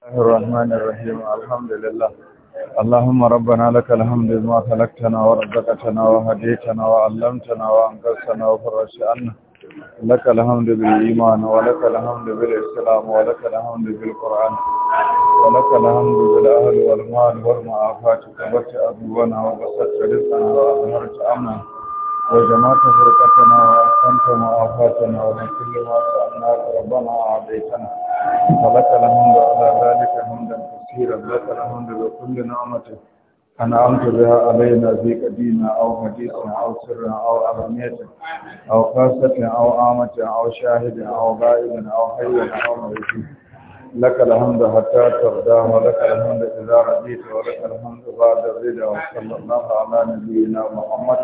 الله الرحمن الرحيم الحمد لله اللهم ربنا لك الحمد ما خلقتنا ورزقتنا وهديتنا وعلمتنا وانقذتنا وفرجت عنا لك الحمد بالإيمان ولك الحمد بالإسلام ولك الحمد بالقرآن ولك الحمد بالأهل والمال والمعافاة كبرت أبوانا وبسطت رزقنا وأظهرت أمنا وجمعت فرقتنا وأحسنت معافاتنا ومن كل ما سألناك ربنا أعطيتنا فلك الحمد على ذلك حمدا كثيرا لك الحمد بكل نعمة أنعمت بها علينا في قديمة أو حديثا أو سرا أو علانية أو خاصة أو عامة أو شاهد أو غائب أو حي أو مريض لك الحمد حتى ترضى ولك الحمد إذا رضيت ولك الحمد بعد الرضا وصلى الله على نبينا محمد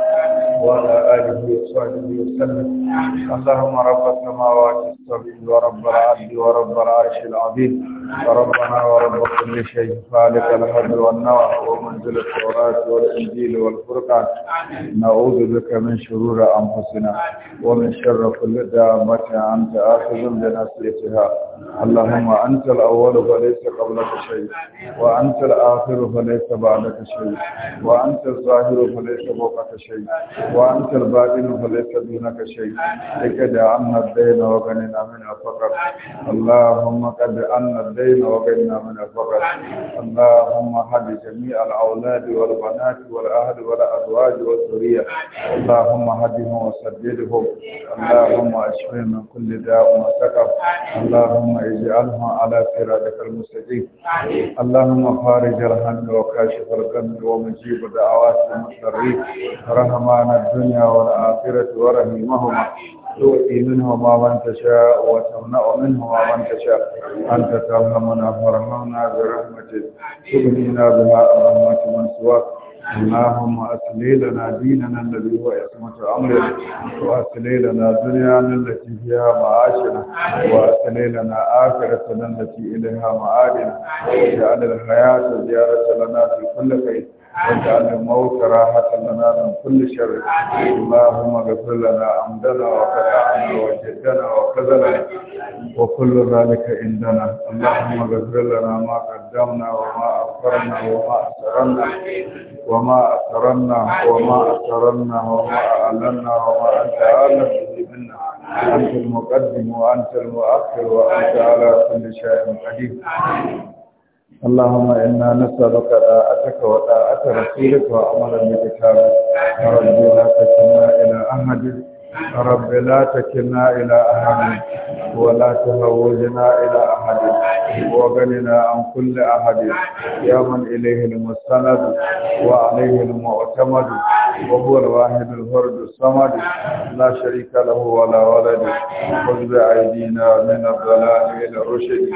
وعلى آله وصحبه وسلم اللهم رب السماوات السبع ورب العبد ورب العرش العظيم ربنا ورب كل شيء خالق الحب والنوى ومنزل التوراة والإنجيل والفرقان نعوذ بك من شرور أنفسنا ومن شر كل دامة أنت آخذ بنصيتها اللهم أنت الأول فليس قبلك شيء وأنت الآخر فليس بعدك شيء وأنت الظاهر فليس فوقك شيء وأنت الباطن فليس دونك شيء لقد عنا الدين وغنينا من الفقر اللهم قد عنا هدينا وبيننا من الفقر اللهم هد جميع الأولاد والبنات والأهل والأزواج والذرية اللهم هدهم وسددهم اللهم اشفهم من كل داء وسقم اللهم اجعلهم على صراطك المستقيم اللهم خارج الهم وكاشف الغم ومجيب دعوات المضطرين رحمان الدنيا والآخرة ورحمهما تؤتي منهما من تشاء وتمنع منهما من تشاء أنت ترحمنا فرحمنا برحمتك تغنينا بها رحمة من سواك اللهم أسلي لنا ديننا الذي هو عصمة أمرنا وأسلي لنا دنيانا التي فيها معاشنا وأسلي لنا آخرتنا التي إليها معادنا واجعل الحياة زيارة لنا في كل خير وجعل الموت راحة لنا من كل شر اللهم اغفر لنا عمدنا وخدعنا وجدنا وخذلنا وكل ذلك عندنا اللهم اغفر لنا ما قدمنا وما أخرنا وما أسرنا وما أسرنا وما أسرنا وما أعلنا وما أنت أعلم به منا أنت المقدم وأنت المؤخر وأنت على كل شيء قدير اللهم إنا نسألك طاعتك وطاعة رسولك وأمرا بكتابك ورجونا تسمى إلى أحد رب لا تكلنا إلى أحد ولا تهوجنا إلى أحد وغننا عن كل أحد يا من إليه المستند وعليه المعتمد وهو الواحد الفرد الصمد لا شريك له ولا ولد خذ بأيدينا من الضلال إلى الرشد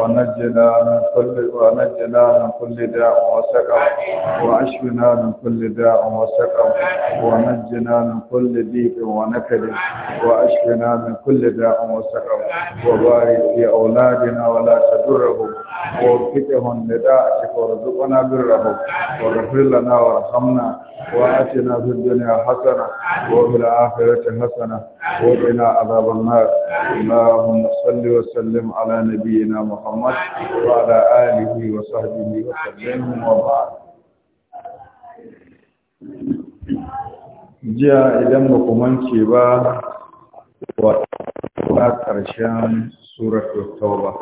ونجنا من كل ونجنا من كل داء وسقم وأشفنا من كل داء وسقم ونجنا من كل ضيق ونجنا ونكد واشفنا من كل داء وسقم وبارك في اولادنا ولا تدرهم ووفقهم لداعتك وارزقنا برهم واغفر لنا وارحمنا واتنا في الدنيا حسنه وفي الاخره حسنه وقنا عذاب النار اللهم صل وسلم على نبينا محمد وعلى اله وصحبه وسلم وبارك Thank you. jiya idan ba manke ba wa ƙarshen suratul tauba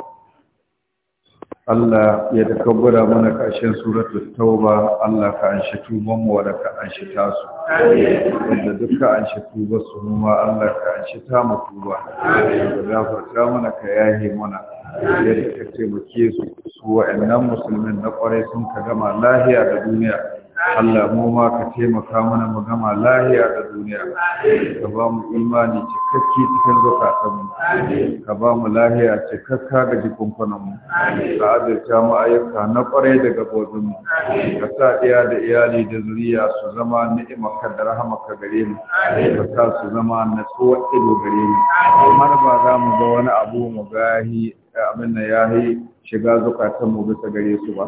Allah ya takabbara mana ƙarshen suratul tauba Allah ka shi tuban mu da ka shi tasu ka duka shi tuba su ma Allah ka shi ta mu tuba da gafarta mana ka yahe mana yadda ka taimake su su wa'annan musulmin na ƙwarai sun ka gama lahiya da duniya Allah mu ma ka taimaka mana mu gama lahiya da duniya ka ba mu imani cikakke cikin zukatan mu ka ba mu lahiya cikakka ga jikunkunan mu ka adalta mu ayyuka na kwarai da gabobin mu ka sa iya da iyali da zuriya su zama ni'imarka da rahamarka gare mu ka sa su zama na natsuwar ido gare mu kamar ba za mu ga wani abu mu gahi abin nan ya yi shiga zukatan mu bisa gare su ba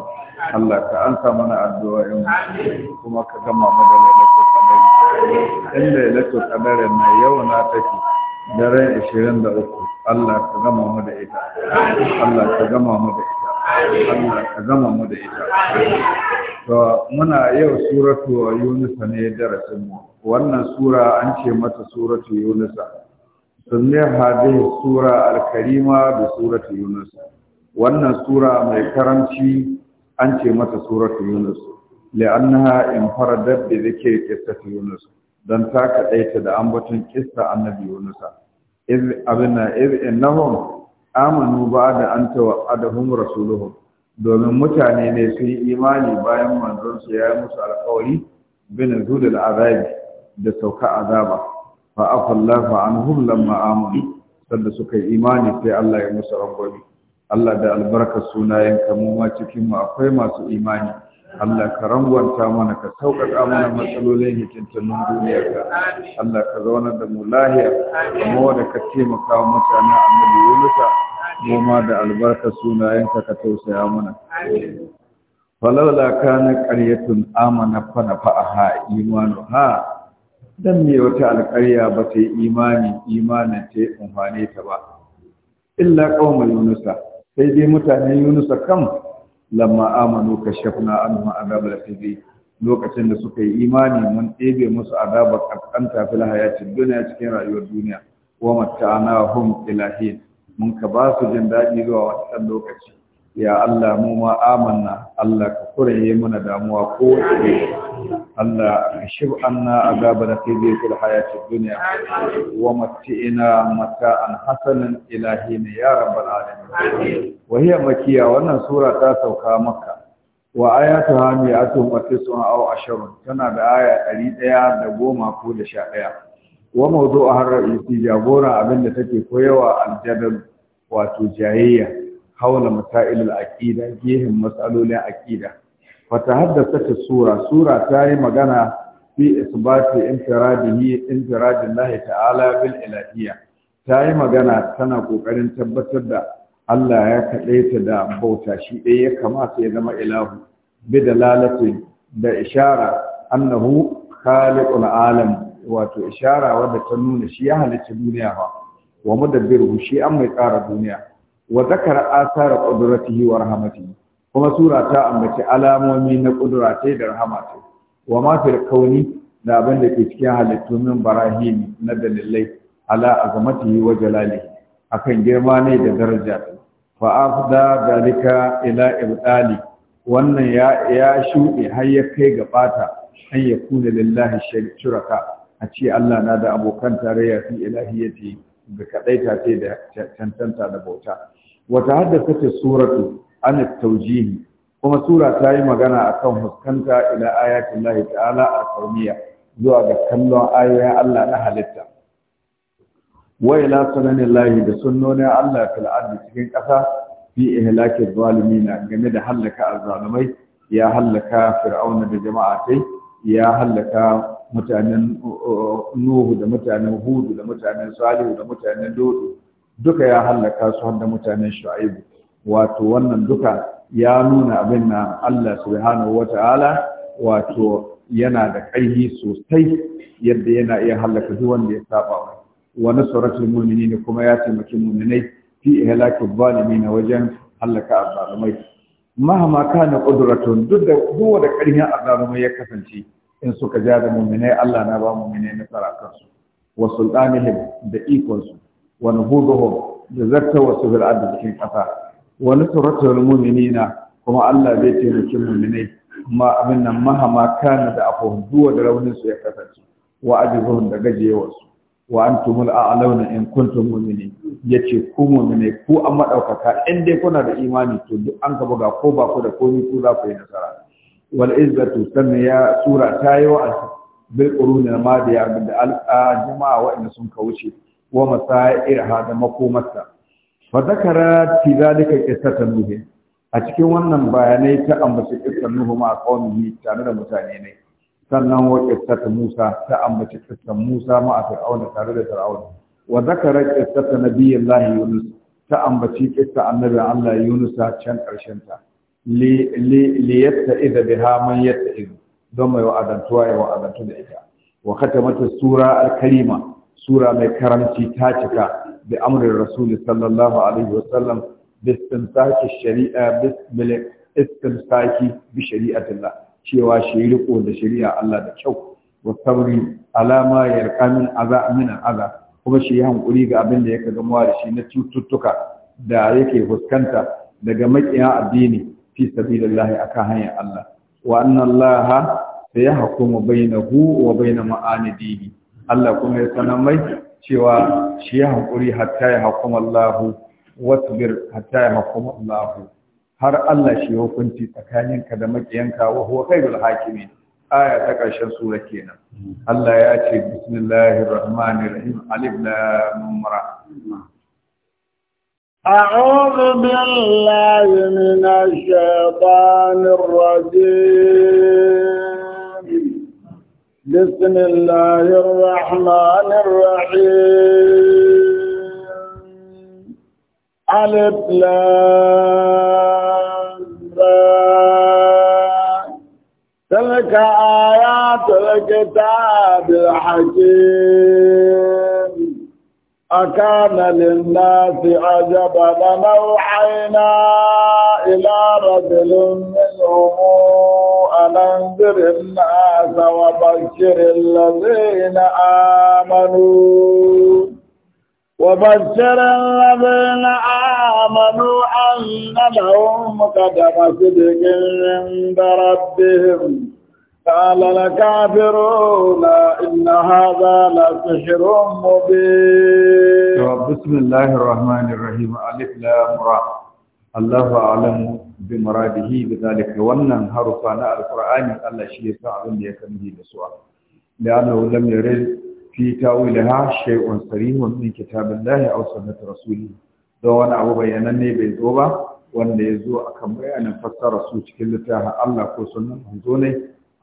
Allah ka ansa mana addu'a in kuma ka gama mu da lailatul qadar in lailatul qadar na yau na take daren 23 Allah ka gama mu da ita Allah ka gama mu da ita Allah ka gama mu da ita to muna yau suratu yunus ne darasin mu wannan sura an ce mata suratu yunus sunne hadhihi sura al-karima da surat yunus wannan sura mai karanci an ce mata sura yunus li'annaha infaradat bi dhikri qissati yunus dan ta kadaita da ambaton kissa annabi yunus iz abna iz innahum amanu ba'da an tawadahum rasuluhum domin mutane ne sun yi imani bayan manzon su ya yi musu alƙawari bin zudul azabi da sauka azaba fa an anhum lamma amanu sanda suka yi imani sai Allah ya musu rangwami Allah da albarka sunayen ka mu ma cikin mu akwai masu imani Allah ka rangwanta mana ka sauƙaƙa mana matsalolin hikintannin duniya ka Allah ka zauna da mu lahiya kuma wanda ka taimaka wa mutanen annabi Yunusa mu ma da albarka sunayen ka ka tausaya mana falawla kana qaryatun amana fa nafa'aha imanuha dan me wata alƙarya ba ta yi imani imanin ta yi amfane ta ba illa qaumul yunusa sai dai mutane yunusa kam lamma amanu kashafna anhum azabal khizi lokacin da suka yi imani mun ɗebe musu azabar ƙasƙanta fil hayatin duniya cikin rayuwar duniya wa na hum ilahin mun ka ba su jin daɗi zuwa wannan lokaci ya Allah mu ma amanna Allah ka kuraye mana damuwa ko wace Allah ka shib anna azaba da khizi fil hayatid dunya wa mata mata'an hasanan ilahi ya rabbal alamin wa hiya makiya wannan sura ta sauka maka. wa ayatuha mi'atun wa tis'un aw asharun tana da aya 110 ko da ɗaya. wa mawdu'uha ar-ra'isi jagora abinda take koyawa al wato jayayya haula masailul aqida gehen matsalolin aqida fa tahaddathat sura sura ta yi magana fi isbati intiradihi intiradillahi ta'ala bil ilahiyya ta yi magana tana kokarin tabbatar da Allah ya kadaita da bauta shi ɗaya ya kamata ya zama ilahu bi dalalatin da ishara annahu khaliqul alam wato ishara wadda ta nuna shi ya halicci duniya ba wa mudabbiru shi an mai tsara duniya wa zakara asara qudratihi wa rahmatihi kuma sura ta ambaci alamomi na kudura ta da rahama ta wa ma fil kauni da abin da ke cikin halittu min barahim na dalilai ala azamatihi wa jalalihi akan girma ne da daraja fa afda dalika ila ibdali wannan ya ya shuɗe har ya kai ga bata an ya kuna lillahi shirka a ce Allah na da abokan tarayya fi ilahiyati ga kadaita ce da cancanta da bauta wata hadda ta suratu an taujihi kuma sura ta yi magana akan huskanta ila ayatin lahi ta'ala a kauniya zuwa ga kallon ayoyin Allah na halitta wa ila sunanin lahi da sunnonin Allah fil ardi cikin ƙasa fi ihlaki na game da hallaka azzalumai ya hallaka fir'auna da jama'atai ya hallaka mutanen uh, uh, Nuhu da mutanen Hudu da mutanen Salihu da mutanen Dodo duka ya halaka su har da mutanen shu'aibu wato wannan duka ya nuna abin na Allah subhanahu wata'ala wato yana da ƙaihi sosai yadda yana iya halaka duk wanda ya saba wa wani suratul mu'minin kuma ya taimaki mu'minai fi ihlakil na wajen halaka azzalumai mahama kana qudratun duk da kowa da ƙarfin azzalumai ya kasance in suka ja da mu'minai Allah na ba mu'minai nasara kansu wa sultanihim da ikonsu wa nuhuduhum da zakka wasu bil ardi cikin kasa wa nusratul mu'minina kuma Allah zai taimaki mu'minai ma abin nan mahama kana da afuhum duwa da raunin su ya kasance wa ajibuhum da gajewar su wa antumul a'launa in kuntum mu'minin yace ku mu'minai ku an madaukaka in dai kuna da imani to duk an ka buga ko ba da komai ku za ku yi nasara wal izzatu sanaya sura ta yi wa bil quruni madiya da al jama'a wa'anda sun ka wuce wa masa'irha da makomarta fa zakara fi zalika qissatan nuh a cikin wannan bayanai ta ambaci qissan nuh ma qaumihi tare da mutane ne sannan wa qissat musa ta ambaci qissan musa ma a fir'auna tare da fir'auna wa zakara qissat nabiyillahi yunus ta ambaci qissa annabi Allah Yunus can ƙarshen ta li li don mai ya wa'adantu da ita wa khatamatu sura sura mai karanci ta cika da amrin rasul sallallahu alaihi wa sallam shari'a bismil bi shari'atillah cewa shi riko da shari'a Allah da kyau wa sabri alama yarqamin aza min aza kuma shi hankuri ga abin da yake gamuwa da shi na cututtuka da yake fuskanta daga makiya addini fi sabilillah akan hanyar Allah wa anna Allah sayahkumu bainahu wa bain ma'anidihi Allah kuma ya sanar mai cewa shi ya hankuri hatta ya hakuma Allah wasbir hatta ya hakuma Allahu. har Allah shi hukunci tsakaninka da makiyanka wa huwa khairul hakimin aya ta ƙarshen sura kenan Allah ya ce bismillahir rahmanir rahim alif lam ra أعوذ بالله من الشيطان الرجيم بسم الله الرحمن الرحيم ألف تلك آيات الكتاب الحكيم أكان للناس عجبا أن أوحينا إلى رجل من أمور أن أنذر الناس وبشر الذين آمنوا وبشر الذين آمنوا أن لهم قدم صدق عند ربهم قال الكافرون إن هذا لسحر مبين بسم الله الرحمن الرحيم ألف لام را الله أعلم bi muradihi bi zalika wannan harufa na alqur'ani Allah shi ya sa abin da ya kalli da su la'annahu lam yarid fi tawilaha shay'un sarihun min kitabillahi aw sunnati rasulih don wani abu ne bai zo ba wanda ya zo akan bayanin fassara su cikin littafin Allah ko sunnan manzo ne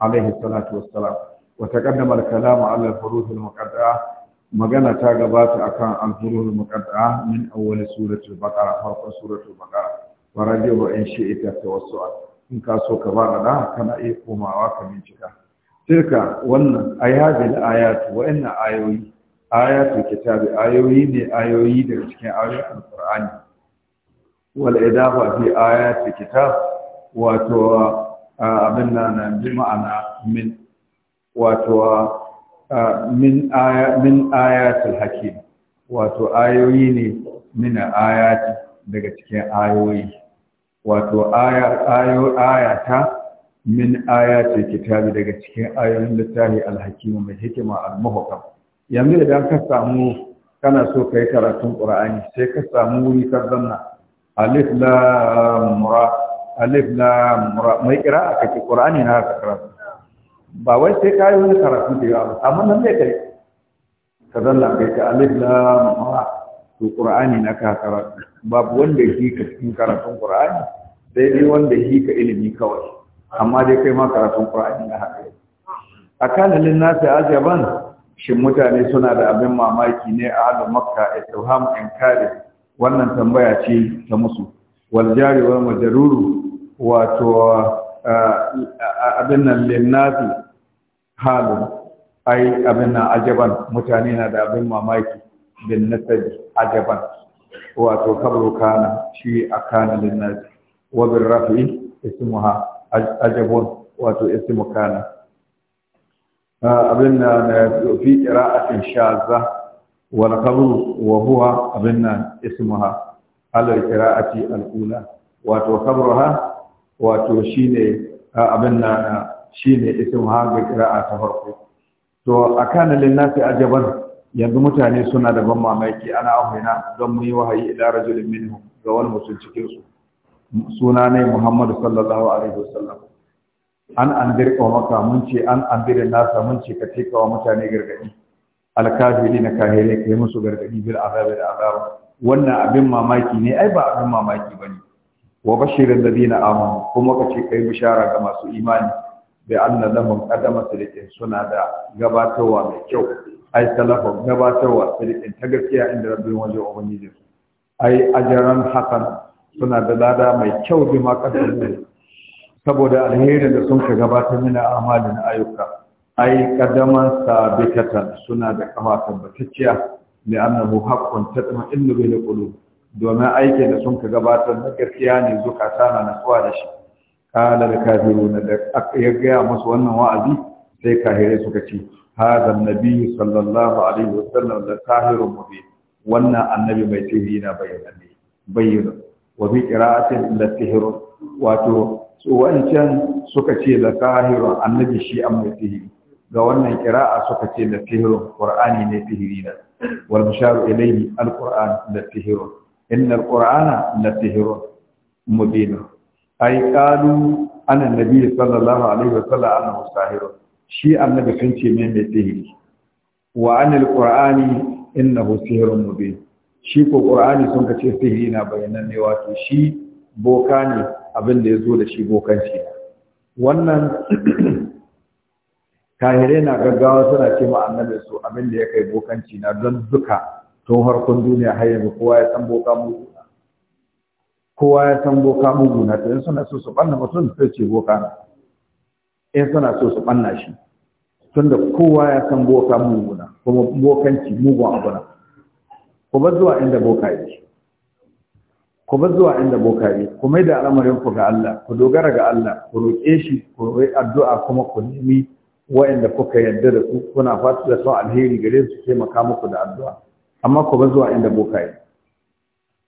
alaihi salatu wassalam wa taqaddama al-kalam ala al al magana ta gabata akan al-furuh al-muqaddaa min awwal surati al-baqara farqan surati al-baqara warajibu in wasu a in ka so ka ba da kana iya komawa ka bincika tilka wannan ayatul ayatu wa inna ayoyi ayatu kitabi ayoyi ne ayoyi daga cikin ayoyin alqur'ani wal idafa fi ayati kitab wato abin nan bi ma'ana min wato min aya min ayatul hakim wato ayoyi ne min ayati daga cikin ayoyi wato aya ayo ayata min ayati kitabi daga cikin ayoyin littafi alhakimu mai hikima almuhkam yanzu idan ka samu kana so kai karatun qur'ani sai ka samu wuri ka zanna alif lam ra alif lam ra mai qira'a kake qur'ani na ka karatu ba wai sai kai wani karatu da yawa amma nan ne kai ka zanna kai ka alif lam ra to qur'ani na ka karatu babu wanda shi ka cikin karatun qur'ani sai dai wanda shi ka ilimi kawai amma dai kai ma karatun qur'ani na haka akana lin nasi ajaban shin mutane suna da abin mamaki ne a halin makka istiham inkari wannan tambaya ce ta musu wal jari wal majruru wato abin nan lin nasi halun ai abin nan ajaban mutane na da abin mamaki bin nasabi ajaban wato kabru kana shi akana lin nas wa bir rafi ismuha ajabun wato ismu kana ah, abin nan eh, fi qira'atin shazza wal kabru wa huwa abin nan ismuha al qira'ati al ula wato kabruha wato shine ah, abin nan ah, shine ismuha ga qira'a ta farko to akana lin nas ajaban yanzu mutane suna da ban mamaki ana ahuna don mu yi wahayi ila rajulin minhu ga wani mutum cikin su suna ne Muhammadu sallallahu alaihi wasallam an andir maka mun ce an andir nasa mun ce ka tika wa mutane gargadi alkafiri na kahire kai musu gargadi bil azabi da azaba wannan abin mamaki ne ai ba abin mamaki bane wa bashirin ladina amanu kuma ka ce kai bishara ga masu imani bi anna lahum qadama sadiqin suna da gabatarwa mai kyau ai salafa gabatarwa sadiqin ta gaskiya inda rabin waje ubangiji ai ajaran hakan suna da lada mai kyau bi ma kaddar saboda alherin da sun ka gabatar mina amalin ayyuka ai kadaman sabitatan suna da kama tabbatacciya da annahu haqqun tatma da bil qulub domin aikin da sun ka gabatar na gaskiya ne zukata na natsuwa da shi kala da na da ya gaya musu wannan wa'azi sai kahirai suka ce hadha annabi sallallahu alaihi wasallam la tahirun mubin wannan annabi mai sihiri na bayyana bayyana wa bi qira'atin la tahirun wato su wancan suka ce la tahirun annabi shi an mai ga wannan kira'a suka ce da tihirun qur'ani ne tihiri na wal musharu ilayhi al qur'an da inna sallallahu alaihi wa sallam shi annabi sun ce mai mai sihiri wa anil qur'ani innahu sihrun mubin shi ko qur'ani sun ka ce sihiri na bayanan ne wato shi boka ne abin da yazo da shi bokanci wannan kahire na gaggawa suna ce ma annabi su abin da ya kai bokanci na don duka tun harkon duniya har yanzu kowa ya san boka mugu kowa ya san boka mugu na to suna so su banna mutum sai ce boka na in suna so su ɓanna shi tunda kowa ya san boka muguna kuma bokanci mugun abu na ku bar zuwa inda boka yi ku bar zuwa inda boka yi ku mai da al'amarin ku ga Allah ku dogara ga Allah ku roƙe shi ku roƙi addu'a kuma ku nemi wa'anda kuka yarda da su kuna fatu da son alheri gare su taimaka muku da addu'a amma ku bar zuwa inda boka yake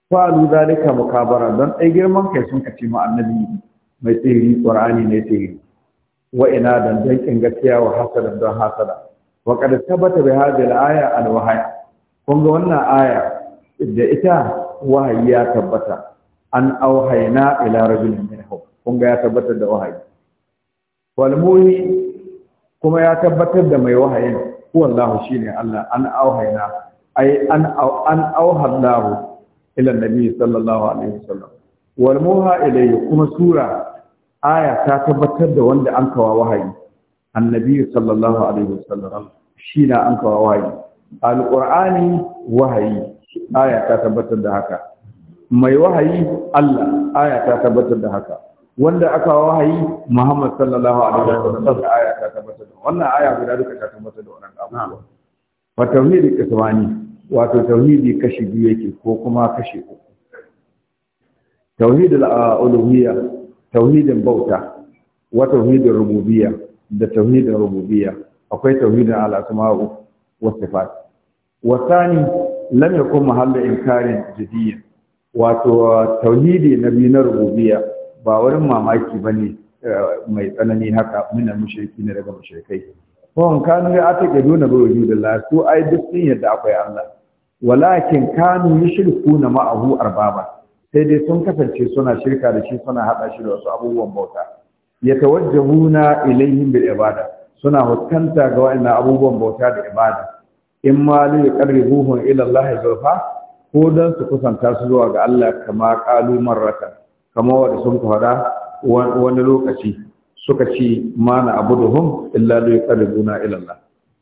falu zalika mukabara don ɗai girman kai sun kace ma annabi mai tsiri qur'ani ne tsiri wa ina dan kin gaskiya wa hasada don hasada wa qad thabata bi hadhihi al-aya al-wahy kun ga wannan aya da ita wahayi ya tabbata an auhayna ila rajulin minhum kun ya tabbatar da wahayi wal kuma ya tabbatar da mai wahayin huwallahu shine Allah an auhayna ai an an auhallahu nabi sallallahu alaihi wasallam kuma sura aya ta tabbatar da wanda an kawa wahayi annabi sallallahu alaihi wasallam shi na an kawa wahayi alqur'ani wahayi aya ta tabbatar da haka mai wahayi Allah aya ta tabbatar da haka wanda aka wahayi Muhammad sallallahu alaihi wasallam aya ta tabbatar da wannan aya guda duka ta tabbatar da wannan abu wa tauhidi kismani wato tauhidi kashi biyu yake ko kuma kashi uku tauhidul uluhiyya tauhidin bauta wa tauhidin rububiyya da tauhidin rububiyya akwai tauhidin al-asma'u wa sifat wa thani lam yakun mahallu inkarin jidiyya wato tauhidi na biyu na rububiyya ba wurin mamaki ba ne eh, mai tsanani haka muna mushriki ne daga mushrikai kawon kanu ya ake gado na bai wajen da su ai duk sun yadda akwai Allah walakin kanu ya shirku na ma'ahu arbaba sai dai sun kasance suna shirka da shi suna haɗa shi da wasu abubuwan bauta ya na ilaihim bil ibada suna hukanta ga wa'annan abubuwan bauta da ibada in ma li yuqarribuhum ila Allah zulfa ko dan su kusanta su zuwa ga Allah kama qalu marratan kama wanda sun fara wani lokaci suka ci mana abuduhum illa li yuqarribuna ila Allah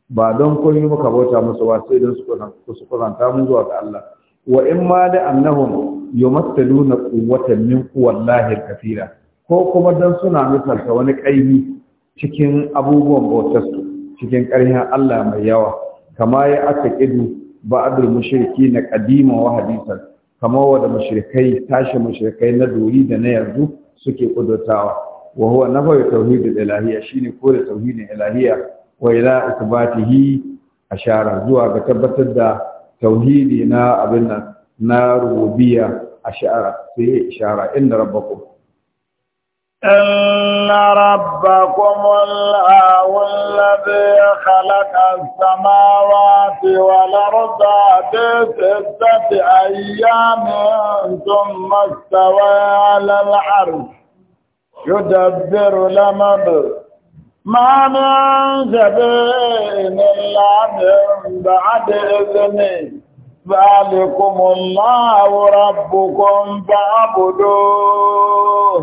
ba don kun yi muka bauta musu ba sai dan su kusanta mu zuwa ga Allah wa in ma da annahum yumassaluna quwwatan min quwallahi kathira ko kuma dan suna misalta wani kaimi cikin abubuwan bautar cikin ƙarfin Allah mai yawa kama ya aka kidu ba'adul mushriki na qadima wa hadisan kama wanda mushrikai tashi mushrikai na duri da na yanzu suke kudurtawa wa huwa nafayu tauhidul ilahiyya shine kore tauhidin ilahiyya wa ila isbatihi ashara zuwa ga tabbatar da توحيدي نا أبنا نار وبيا أشارة في إشارة إن ربكم إن ربكم الله الذي خلق السماوات والأرض في ستة أيام ثم استوى على العرش يدبر لمبر ما من سبيل إلا بعد إذنه ذلكم الله ربكم فاعبدوه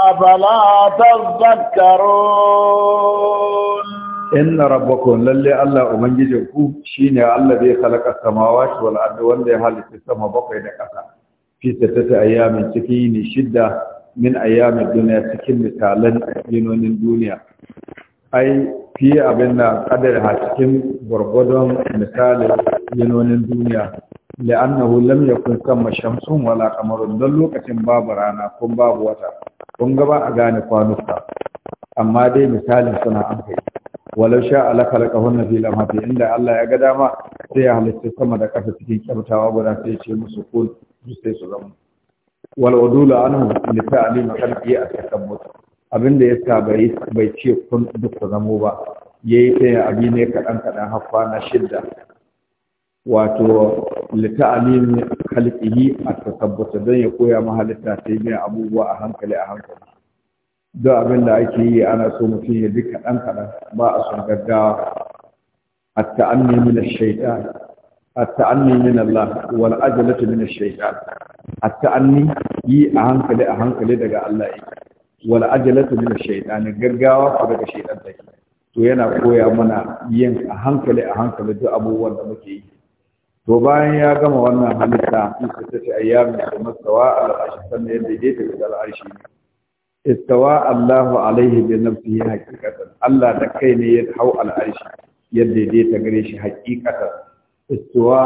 أفلا تذكرون إن ربكم للي الله شين الله الذي خلق السماوات والأرض والذي هل في السماء بقي دكتا في ستة أيام تكيني شدة من أيام الدنيا سكين مثالا ينون الدنيا ai fiye abin da kadar a cikin gwargwadon misalin yanonin duniya li'annahu lam yakun kama shamsun wala don lokacin babu rana ko babu wata kun gaba a gane kwanuka amma dai misalin suna an kai walau sha ala khalaqahunna fi lamati inda Allah ya ga dama sai ya halitta sama da kasa cikin kyautawa guda sai ce musu kun sai su zama wal udula anhu li ta'lima a cikin takabbur abin da ya sa bai ce kun duk ku zamo ba ya yi tsaye abi ne kaɗan kaɗan har na shidda wato lita'alimi halqihi a tasabbata don ya koya mahalitta ta yi abubuwa a hankali a hankali don abin da ake yi ana so mutum ya ji kaɗan kaɗan ba a son gaggawa a ta'anni min shaitan التأني من الله والعجلة من yi a hankali! A hankali daga Allah إيه wal ajalatu min shaytan gaggawa ko daga shaytan take to yana koya mana yin a hankali a hankali duk abubuwan da muke yi to bayan ya gama wannan halitta sai ta tace ayyamin da masawa al'ashi sannan yadda ya ta al-arshi istawa Allahu alaihi bi nafsihi haqiqatan Allah da kai ne ya hau al-arshi yadda ya ta gare shi haqiqatan istiwa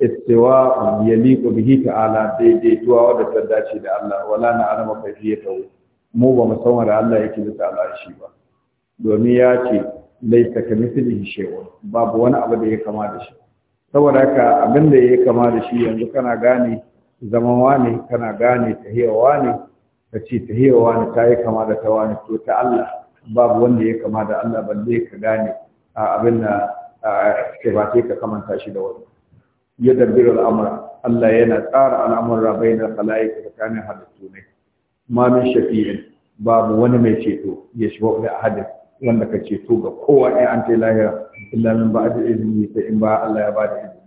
istiwa yaliqu bihi ta'ala daidaituwa wadda ta dace da Allah wala na alama kayfiyatahu mu ba mu san Allah yake bisa al'arshi ba domin ya ce laita ka mislihi shewa babu wani abu da ya kama da shi saboda haka abin da ya kama da shi yanzu kana gane zama wani kana gane tahiyawa ne ka ce tahiyawa ne ta yi kama da ta ne to ta Allah babu wanda ya kama da Allah balle ka gane a abin da ke ba ka kamanta shi da wani yadda birar al'amura Allah yana tsara al'amura bai na khalaik tsakanin halittu ne ma min shafi'in babu wani mai ceto ya shiga da ahadin wanda ka ceto ga kowa ɗaya an ta lahira illa min ba da izini sai in ba Allah ya ba da izini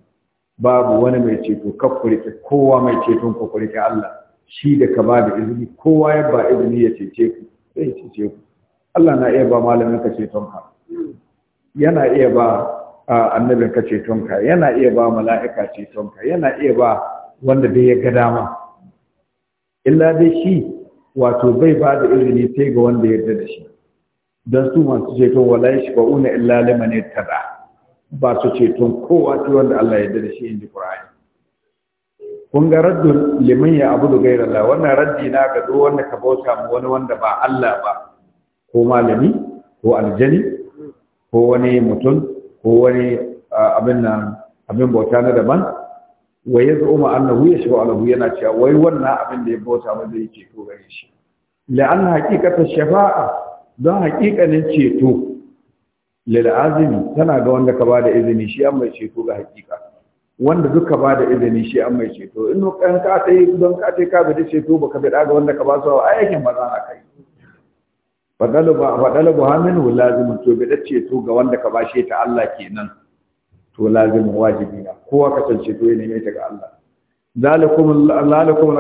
babu wani mai ceto ka kurike kowa mai ceton ka kurike Allah shi da ka ba da izini kowa ya ba izini ya cece ku sai ya cece ku Allah na iya ba malamin ka ceton ka yana iya ba annabin ka ceton ka yana iya ba mala'ika ceton ka yana iya ba wanda dai ya ga dama illa dai shi wato bai ba da izini sai ga wanda ya yarda da shi don su masu ceton wala shi bauna una illa ta da. ba su ceton kowa sai wanda Allah ya yarda da shi inji Qur'ani kun ga raddul liman ya da gairar Allah wannan raddi na ga duk wanda ka bauta mu wani wanda ba Allah ba ko malami ko aljani ko wani mutum ko wani ah, abin bauta na daban wa yaz'umu annahu yashfa'u alahu yana cewa wai wannan abin da ya bauta ba zai ceto gare shi la'anna haqiqatu shafa'a don haqiqanin ceto lil azimi tana ga wanda ka bada izini shi an mai ceto ga haqiqa wanda duka bada izini shi an mai ceto in kan ka tai don ka tai ka bada ceto baka bada ga wanda ka ba su a aikin ba za a kai fadalu ba fadalu ba minhu lazimin to da ceto ga wanda ka ba shi ta Allah kenan to lazimin wajibi na kowa kasance to ya neme daga ga Allah zalikum zalikum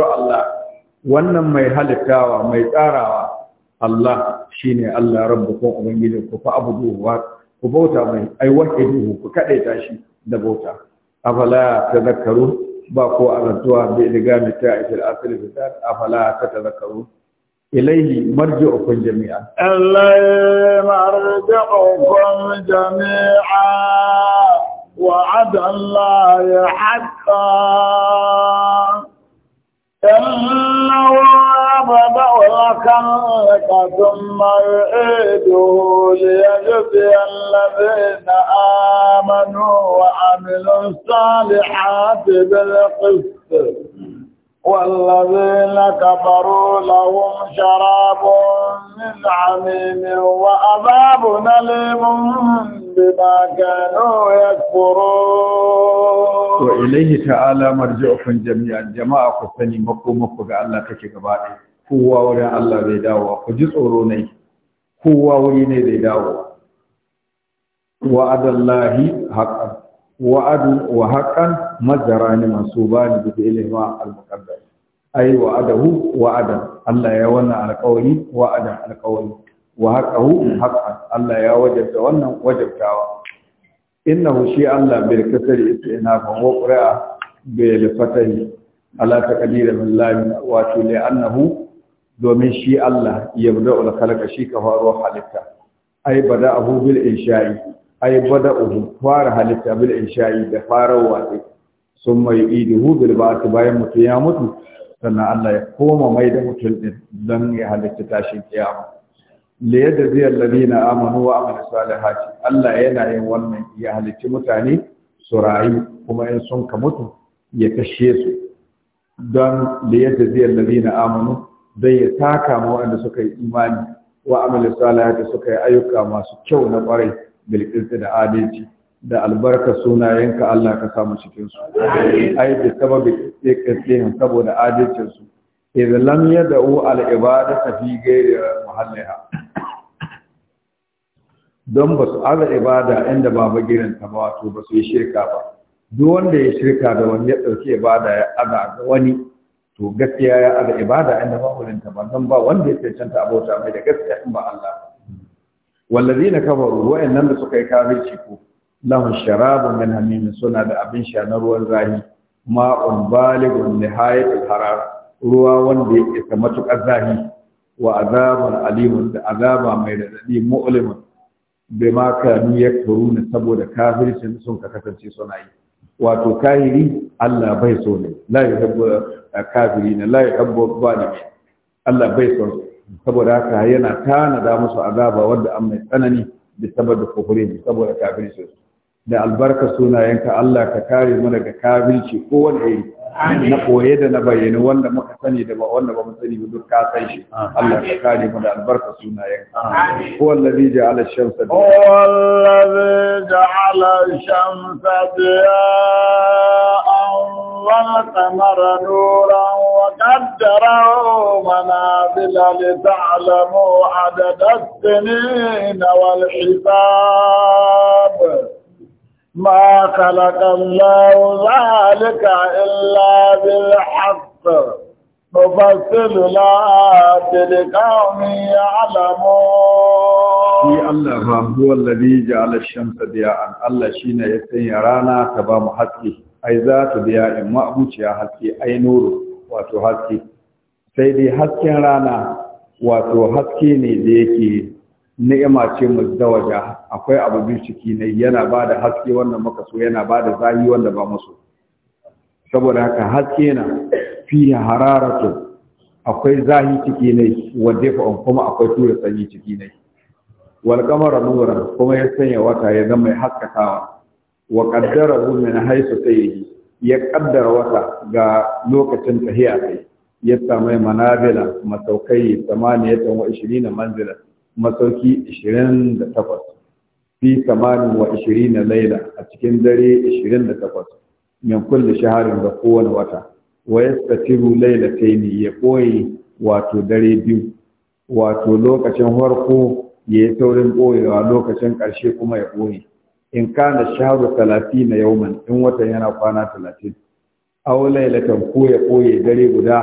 Allah wannan mai halittawa mai tsarawa Allah shine Allah rabbukum ubangijin ku fa abuduhu ku bauta mai ai wahiduhu ku kadaita shi da bauta afala tadhakkarun ba ko azantuwa bi ligami ta'atil asli bi afala tadhakkarun إليه مرجعكم جميعا إليه مرجعكم جميعا وعد الله حقا إنه يبدأ الخلق ثم يعيده ليجزي الذين آمنوا وعملوا الصالحات بالقسط والذين كفروا لهم شراب من عميم وعذاب نليم بما كانوا يكفرون وإليه تعالى مرجعكم جميعا جماعة كثني مقومكم الله كشكبائي kowa wurin Allah zai dawo ku ji tsoro ne kowa wuri ne zai dawo wa wa'adun wa haqqan mazdarani masubani bi ilma al-muqaddar ai wa'adahu wa'adan Allah ya wannan alƙawari wa'adan alƙawari wa haqqahu haqqan Allah ya wajabta wannan wajabtawa innahu shi Allah bil ina istinafan wa qira'a bil fatahi ala taqdir min annahu domin shi Allah yabda'ul khalqa shi ka faro halitta ai bada bil insha'i ai bada uhu fara halitta bil insha'i da farawa ne sun mai idihu bil ba'ati bayan mutum ya mutu sannan Allah ya koma mai da mutum din dan ya halitta tashin kiyama li yadzi alladhina amanu wa amilu salihati Allah yana yin wannan ya halitta mutane su rayu kuma in sun ka mutu ya kashe su don li yadzi alladhina amanu dai ya taka ma waɗanda suka yi imani wa amilu salihati suka yi ayyuka masu kyau na ƙwarai Bilkisu da adalci da albarka sunayenka Allah ka samu cikin su ai da sababi ikirtihin saboda adalcin su idan lam yad'u al ibadata fi ghairi mahalliha don ba su aza ibada inda ba girin ta ba wato ba su yi shirka ba duk wanda ya shirka da wani ya dauki ibada ya aza ga wani to gaskiya ya aza ibada inda ba wurin ta ba don ba wanda ya cancanta abota mai da gaskiya in ba Allah ba wallazina kafaru wa'annan da suka yi kafirci ko lahu sharabun min hamim suna da abin sha na ruwan zahi ma'un nihayat al harar ruwa wanda ya ta matukar zahi wa azabun alimun da azaba mai radadi mu'limun bima kanu ne saboda kafircin sun ka kasance suna yi wato kahiri Allah bai so ne la yuhibbu kafirina la yuhibbu zalimin Allah bai son saboda haka yana tanada musu azaba wanda an mai tsanani da saboda kufuri saboda kafirci da albarka sunayenka Allah ka kare mu daga kafirci ko wanda yayi na koye da na bayyana wanda muka sani da ba wanda ba mu sani ba duk ka san shi Allah ka kare mu da albarka sunayenka ko wallazi ja'ala shamsa ko wallazi ja'ala shamsa ya Allah tamara nuran مقدرا ومنازل لتعلموا عدد السنين والحساب ما خلق الله ذلك إلا بالحق مفصل الآيات لقوم يعلمون في الله هو الذي جعل الشمس ضياء الله شينا يسني يرانا تبا محقي أي ذات ضياء ما أبوش يا حقي أي نور wato haske sai dai hasken rana wato haske ne da yake ni'ima ce muzdawaja akwai abu biyu ciki ne yana ba da haske wanda muka so yana ba da zahi wanda ba musu saboda haka haske na fi hararatu akwai zahi ciki ne wanda fa kuma akwai tura sanyi ciki ne wal qamara nuran kuma ya sanya wata ya zama mai haskakawa wa qaddarahu min haythu sayyi ya kaddara wata ga lokacin tahiya kai ya samu manabila masaukai 28 manzila masauki 28 fi 28 laila a cikin dare 28 min kulli shaharin da kowane wata wa yastatiru lailataini ya koyi wato dare biyu wato lokacin farko ya yi saurin koyewa lokacin ƙarshe kuma ya koyi. in kana shahru 30 yawman in watan yana kwana 30 aw laylatan ko ya koye dare guda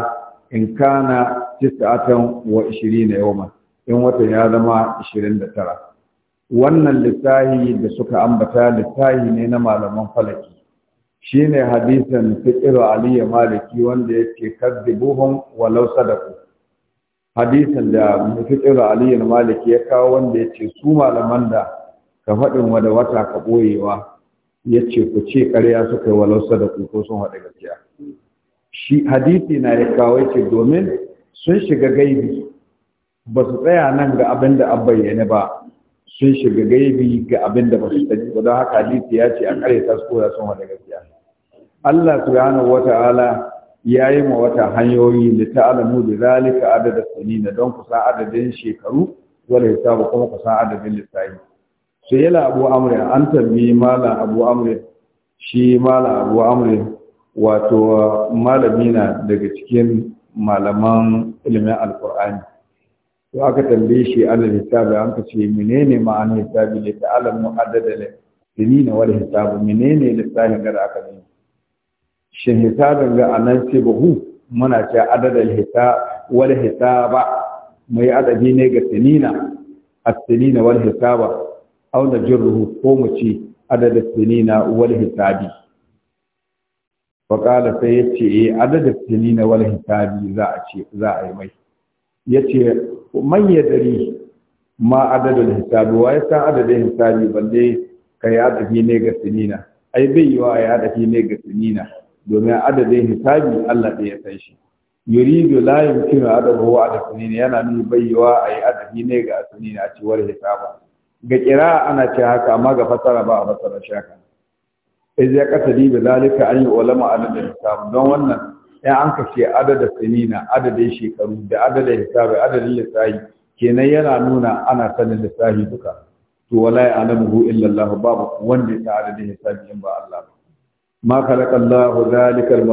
in kana 29 wa 20 yawman in watan ya zama 29 wannan lissahi da suka ambata lissahi ne na malaman falaki shine hadisin fiqru ali maliki wanda yake kadibuhum walau sadaqu hadisan da fiqru ali maliki ya kawo wanda yake su malaman da ka faɗin wa da wata ka ɓoyewa ya ce ku ce ƙarya suka yi walau ku ko sun haɗa gaskiya shi hadisi na ya kawo ce domin sun shiga gaibi ba su tsaya nan ga abin da an bayyana ba sun shiga gaibi ga abin da ba su tafi ba don haka hadisi ya ce a ƙarya ta su koya sun haɗa gaskiya Allah subhanahu wata'ala ya yi ma wata hanyoyi da ta'alamu da zalika adadin sanina don kusa adadin shekaru wala hisabu kuma kusa adadin lissafi sai yala abu amri an tambayi mala abu amri shi mala abu amri wato malami na daga cikin malaman ilimin alkur'ani to aka tambaye shi an hisabi an ka ce menene ma'anar hisabi da ta'alam mu'addada sinina wal hisabu menene lissafin da aka yi shin hisabin ga anan sai buhu muna ce adadal hisa wal hisaba mai adadi ne ga sinina as-sinina wal hisaba aw najruhu ko mu ci adadin sinina wal hisabi fa qala sai yace eh adadin sinina wal hisabi za a ce za a yi mai yace man dari ma adadin hisabi wa yasa adadin hisabi balle ka ya tafi ne ga sinina ai bai yi yiwa ya tafi ne ga sinina domin adadin hisabi Allah ɗaya san shi yuridu layin yumkinu adabu wa adad sinina yana nuni bai yiwa ai adadi ne ga sinina a cewar hisaba ga kira ana ce haka amma ga fasara ba a fasara shi haka iz ya kasadi bi zalika an ulama adadin hisab don wannan ya an kace adada sinina adadin shekaru da adadin hisabi adadin lissahi kenan yana nuna ana sanin lissahi duka to wala ya'lamuhu illa Allah babu wanda ya adadin hisabi in ba Allah ba ma khalaqa Allah zalika al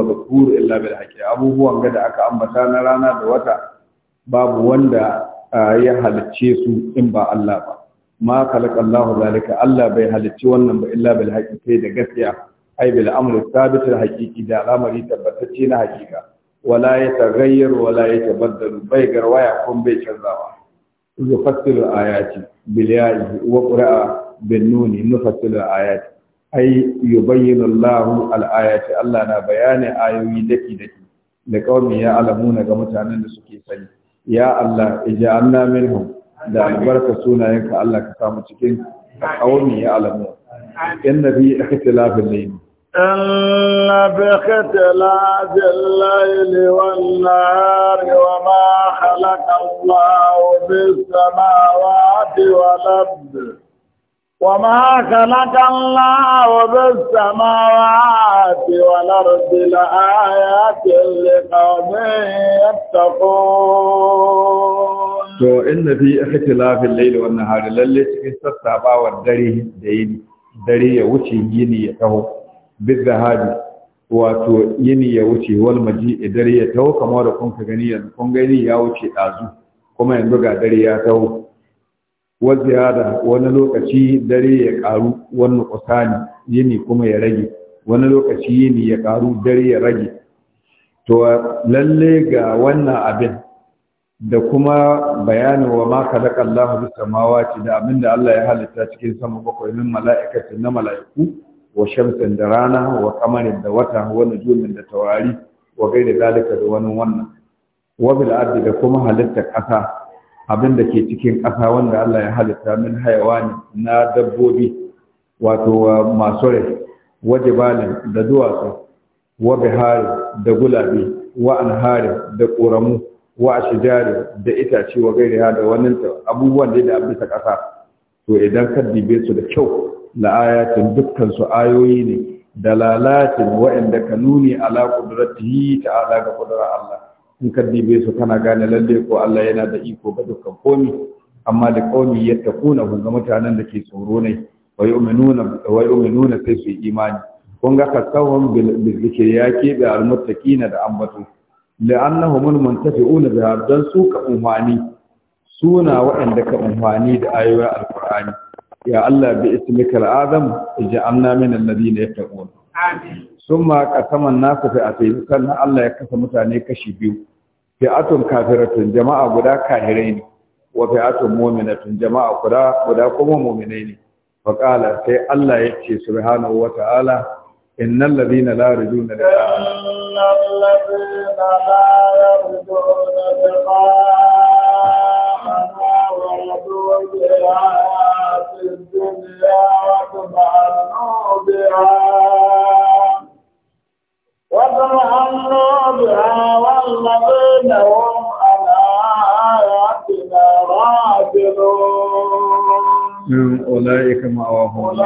illa bil haqi abubuwan da aka ambata na rana da wata babu wanda ah, ya halicce su in ba Allah ba ma khalaqallahu zalika Allah bai halicci wannan ba illa bil kai da gaskiya ai bil amri thabitil haqiqi da al'amari tabbatacce na haqiqa wala yataghayyar wala yatabaddalu bai garwaya kun bai canzawa yufassilu ayati bil ya'i wa qira'a bin nuni nufassilu ayati ai yubayyinu Allahu al ayati Allah na bayani ayoyi daki daki da qaumi ya alamuna ga mutanen da suke sani ya Allah ij'alna minhum da albarka sunayenka Allah ka samu cikin kawomi ya alamu inna fi ikhtilafil layl inna bi ikhtilafil layl wan nahar wa ma khalaqa Allahu bis samawati wal ardi وما خلق الله بالسماوات والأرض لآيات لقوم يتقون to inna fi ikhtilafil layli wan nahari lalle cikin sassabawa dare da yini dare ya wuce yini ya taho bizahabi wato yini ya wuce wal maji dare ya taho kamar da kun ka gani yanzu kun gani ya wuce ɗazu, kuma yanzu ga dare ya taho wa wani lokaci dare ya karu wani kusani yini kuma ya rage wani lokaci yini ya karu dare ya rage to lalle ga wannan abin da kuma bayanin wa ma khalaqa Allahu bis samawati da abinda Allah ya halitta cikin sama bakwai min mala'ikati na mala'iku wa shamsin da rana wa kamarin da wata wa nujumin da tawari wa gaida zalika da wani wannan wa bil ardi da kuma halitta kasa abin da ke cikin ƙasa wanda Allah ya halitta min hayawani na dabbobi wato masu rai waje balin da duwatsu wa bihari da gulabi wa anhari da ƙoramu wa ashijari da itace wa gairiya da wannan abubuwan da abin ta ƙasa to idan ka dibe su da kyau la'ayatin dukkan su ayoyi ne dalalatin wa'anda ka nuni ala qudratihi ta'ala ga qudrar Allah in ka dibe su kana gane lalle ko Allah yana da iko ga dukkan komi amma da kaumi yattaquna hu ga mutanen da ke tsoro ne wa yu'minuna wa sai su imani kun ga kasawun bil zikri ya ke da almuttaqina da ambatu la'annahum muntafi'una bi hadan su ka umani suna waɗanda ka umani da ayoyin alqur'ani ya Allah bi ismikal azam ij'alna min alladhina yattaquna amin sun ma kasaman nasu fi a taimu sannan Allah ya kasa mutane kashi biyu fi'atun kafiratun jama'a guda kahirai ne wa atun mominatun jama'a guda kuma mominai ne fa sai Allah ya ce subhanahu wa ta'ala innal ladina la yarjuna innal ladina وَتَرَحَمْنَا بِهَا وَالَّذِينَ هُمْ عَلَىٰ آيَاتِنَا غَافِلُونَ أولئك مأواهم أولئك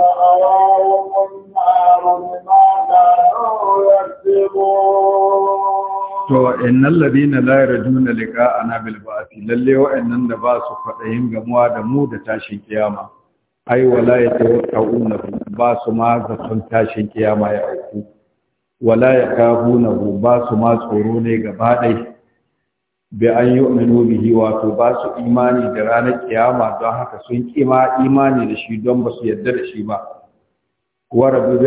مأواهم النار بما كانوا يكسبون To, innan liƙa a nabil lalle wa'annan da ba su yin gamuwa da mu da tashin kiyama, ai, wala ya tawar ba su ma zaton tashin kiyama ya auku wala ya kahu na hu ba su ma tsoro ne gaba ɗai bi an yi bihi wato ba su imani da ranar kiyama don haka sun kima imani da shi don ba su yarda da shi ba wa rabu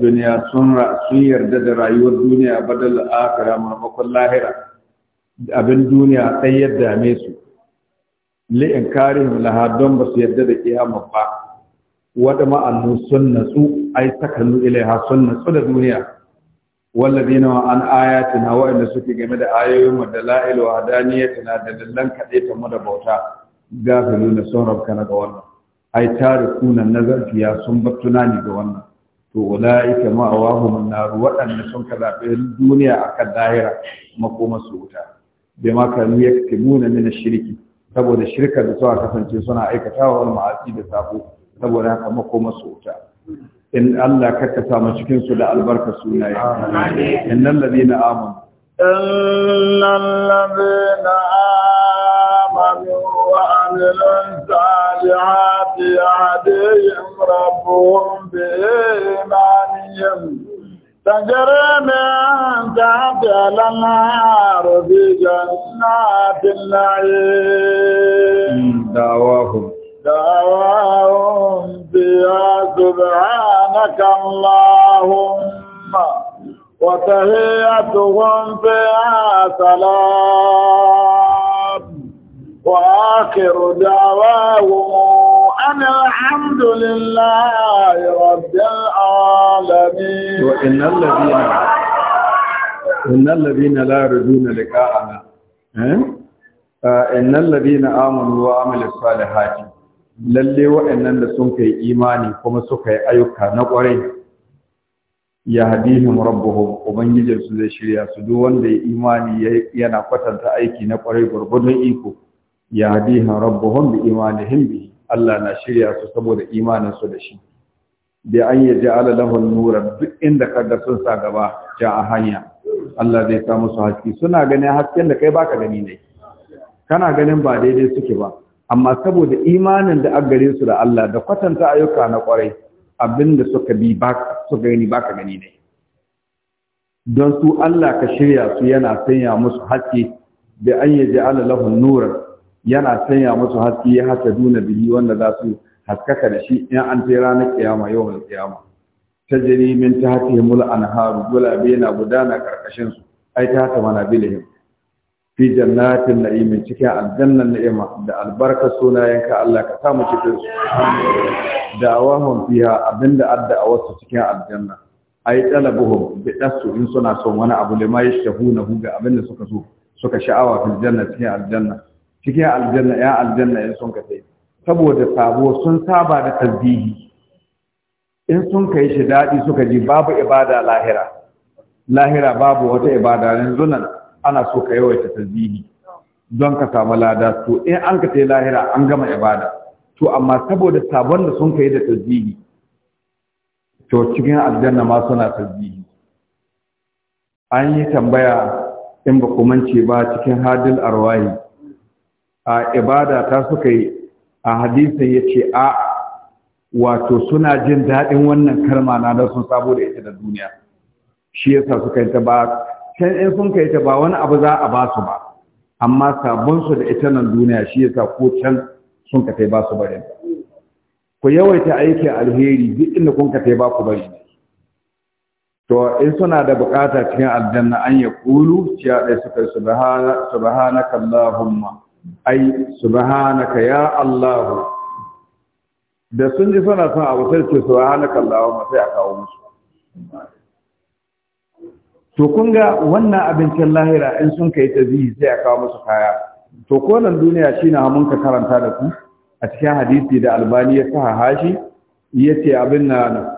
duniya sun yarda da rayuwar duniya badal akara maimakon lahira abin duniya sai ya dame su li'in inkarihim laha don ba su yarda da kiyama ba wada ma'annu sun natsu ai saka sakannu ilaiha sun natsu da duniya wallazina wa an ayatina wa'anda suke game da ayoyin wa da wa da dallan kade ta mu da bauta na sun na ga wannan ai tarikuna nazarfiya sun bar tunani ga wannan to ulaika mun naru wadanda sun kazabe duniya akan dahira makoma su wuta bai ma kanu yaktimuna min shirki saboda shirka da suka kasance suna aikatawa wani ma'asi da sabo saboda haka makoma masuta in Allah ka ka mu cikin su da albarka sunaye amin innal ladina amanu innal ladina amanu wa amilun salihati yahdihim rabbuhum bi imanihim تجري من تحتها الانهار في جنات النعيم دعواهم دعواهم فيها سبحانك اللهم وتهيتهم فيها سلام وآخر دعواهم أن الحمد لله رب العالمين وإن الذين إن الذين لا يرجون لقاءنا إيه؟ آه، إن الذين آمنوا وعملوا الصالحات lalle waɗannan da sun kai imani kuma suka yi ayyuka na ƙwarai ya hadihim rabbuhum ubangijin su zai shirya su duk wanda ya imani yana kwatanta aiki na ƙwarai gwargwadon iko ya hadihim rabbuhum bi imanihim bi Allah na shirya su saboda imanin su da shi bi an yaj'ala lahu nura duk inda kaga sun sa gaba ja a hanya Allah zai sa musu haske suna ganin hasken da kai baka gani ne kana ganin ba daidai suke ba amma saboda imanin da gare su da Allah da kwatanta ayyuka na kwarai abinda suka bi ba suka gani baka gani ne don su Allah ka shirya su yana sanya musu haske bi an yaj'ala lahum nuran yana sanya musu haske ya duna bihi wanda za su haskaka da shi in an tsaye ranar kiyama yawan kiyama ta min ta mul'an anharu gulabe na gudana karkashin su ai ta hata mana bilihim fi jannatin na'imin cikin aljannan ni'ima da albarka sunayenka Allah ka samu cikin su Da da'awahum fiha abinda adda a wasu cikin aljanna ai talabuhum bi dasu in suna son wani abu da ma yashahuna hu ga abinda suka so suka sha'awa fil janna cikin aljanna cikin aljanna ya aljanna in sun ka sai saboda sabo sun saba da tasbihi in sun kai shi dadi suka ji babu ibada lahira lahira babu wata ibada yanzu nan ana so ka yawaita tasbihi don ka samu lada to in an ka tai lahira an gama ibada to amma saboda sabon da sun kai da tasbihi to cikin aljanna ma suna tasbihi an yi tambaya in ba kumance ba cikin hadil arwahi a ibada ta suka yi a hadisin ya ce a wato suna jin daɗin wannan karma na da sun sabo da ita da duniya shi yasa suka yi ta ba can in sun kai ta ba wani abu za a ba su ba amma sabon su da ita nan duniya shi yasa ko can sun ka kai ba su bari ku yawaita aiki alheri duk inda kun ka kai ba ku bari to in suna da bukata cikin aljanna an ya kulu ciya ɗaya suka yi subhanaka Allahumma ai subhanaka ya Allah da sun ji suna son abu sai ce subhanaka Allahumma sai a kawo musu to kun ga wannan abincin lahira in sun kai ta zihi sai a kawo musu kaya to ko nan duniya shi na mun ka karanta da ku a cikin hadisi da albani ya sa hashi ya ce abin na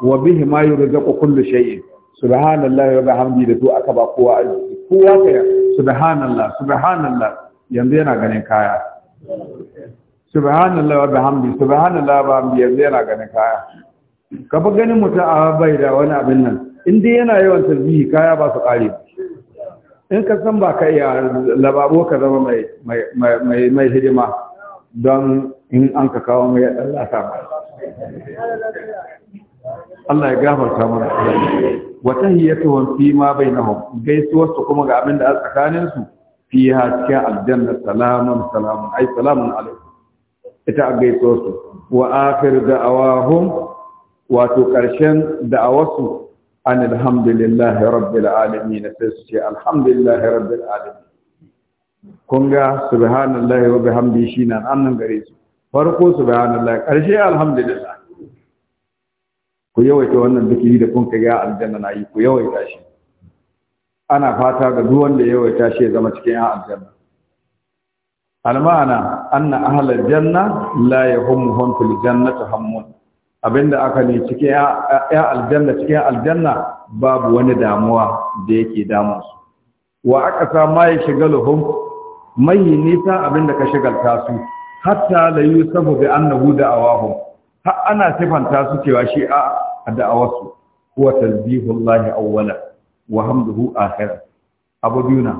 wa bihi ma yurzaqu kullu shay'in subhanallahi wa bihamdi da to aka ba kowa arziki kowa kai subhanallah subhanallah yanzu yana ganin kaya subhanallah wa bihamdi subhanallah wa bihamdi yanzu yana ganin kaya ka ba ganin mutum a bai da wani abin nan in dai yana yawan tarbihi kaya ba su kare in ka san ba ka iya lababo ka zama mai mai mai hidima don in an ka kawo mai Allah ta ba Allah ya gafarta mana wa tahiyyatuhum fi ma bainahum gaisuwar su kuma ga abin da a tsakanin su fiha cikin aljanna salamun salamun ai salamun alaikum ita a gaisuwar su wa akhir da'awahum wato ƙarshen da'awarsu an alhamdulillahi rabbil alamin sai su ce alhamdulillahi rabbil alamin kun ga subhanallahi wa bihamdi shi nan annan gare su farko subhanallahi karshe alhamdulillah ku yawaita wannan zikiri da kun ga aljanna na yi ku yawaita shi ana fata ga duk wanda yawaita shi ya zama cikin yan aljanna almana anna ahlal janna la yahummuhum fil jannati hammun abinda aka ne cikin ya aljanna cikin aljanna babu wani damuwa da yake damun su wa aka sa ma ya shiga luhum mai nisa abinda ka shigalta su hatta la yusafu bi annahu da'awahu har ana sifanta su cewa shi a da'awarsu wa tasbihullahi awwala wa hamduhu akhir abu biyuna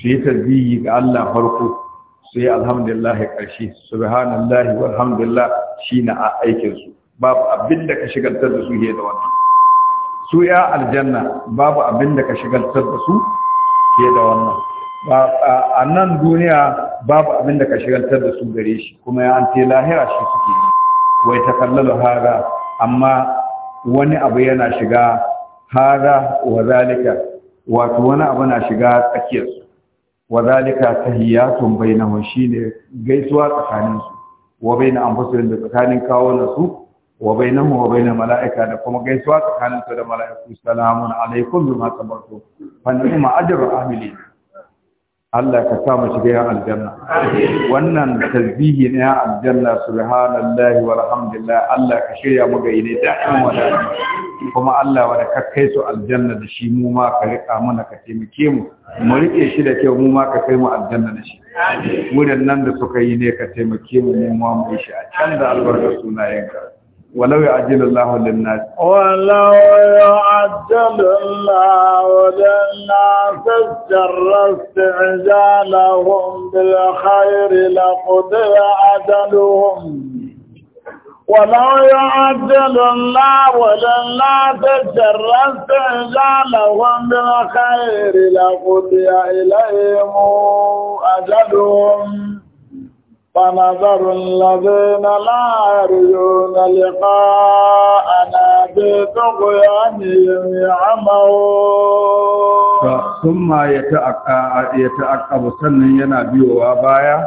su yi tasbihi ga Allah farko su yi alhamdulillah ƙarshe subhanallahi walhamdulillah shine a aikin su babu abin da ka shigaltar da su ne da wannan su ya aljanna babu abin da ka shigaltar da su ke da wannan a nan duniya babu abin da ka shigaltar da su gare shi kuma ya an lahira shi suke yi wai ta kallalo haga amma wani abu yana shiga hara wa zalika wato wani abu na shiga tsakiyarsu wa zalika tahiyatun bainahum shine gaisuwa tsakaninsu wa na anfusihim da tsakanin kawunan su wa bainahu wa bainal malaika da kuma gaisuwa tsakanin su da malaiku salamun alaikum bima sabartum fa ni'ma ajrul amilin Allah ka sa mu shiga aljanna wannan tasbihi ne aljanna subhanallahi walhamdulillah Allah ka shirya mu ga ne da wada kuma Allah wada ka kai su aljanna da shi mu ma ka rika mana ka taimake mu mu rike shi da kyau mu ma ka kai mu aljanna da shi Mu da nan da suka yi ne ka taimake mu mu ma mu yi shi a can da albarkar sunayenka ولو يعجل الله للناس ولو يعجل الله للناس الشر استعجالهم بالخير لقضي عدلهم ولو يعجل الله للناس الشر استعجالهم بالخير لقضي إليهم أجلهم فنذر الذين لا يرجون لقاءنا بطغيانهم يعمهون ثم يتعقب سنن yana biyowa baya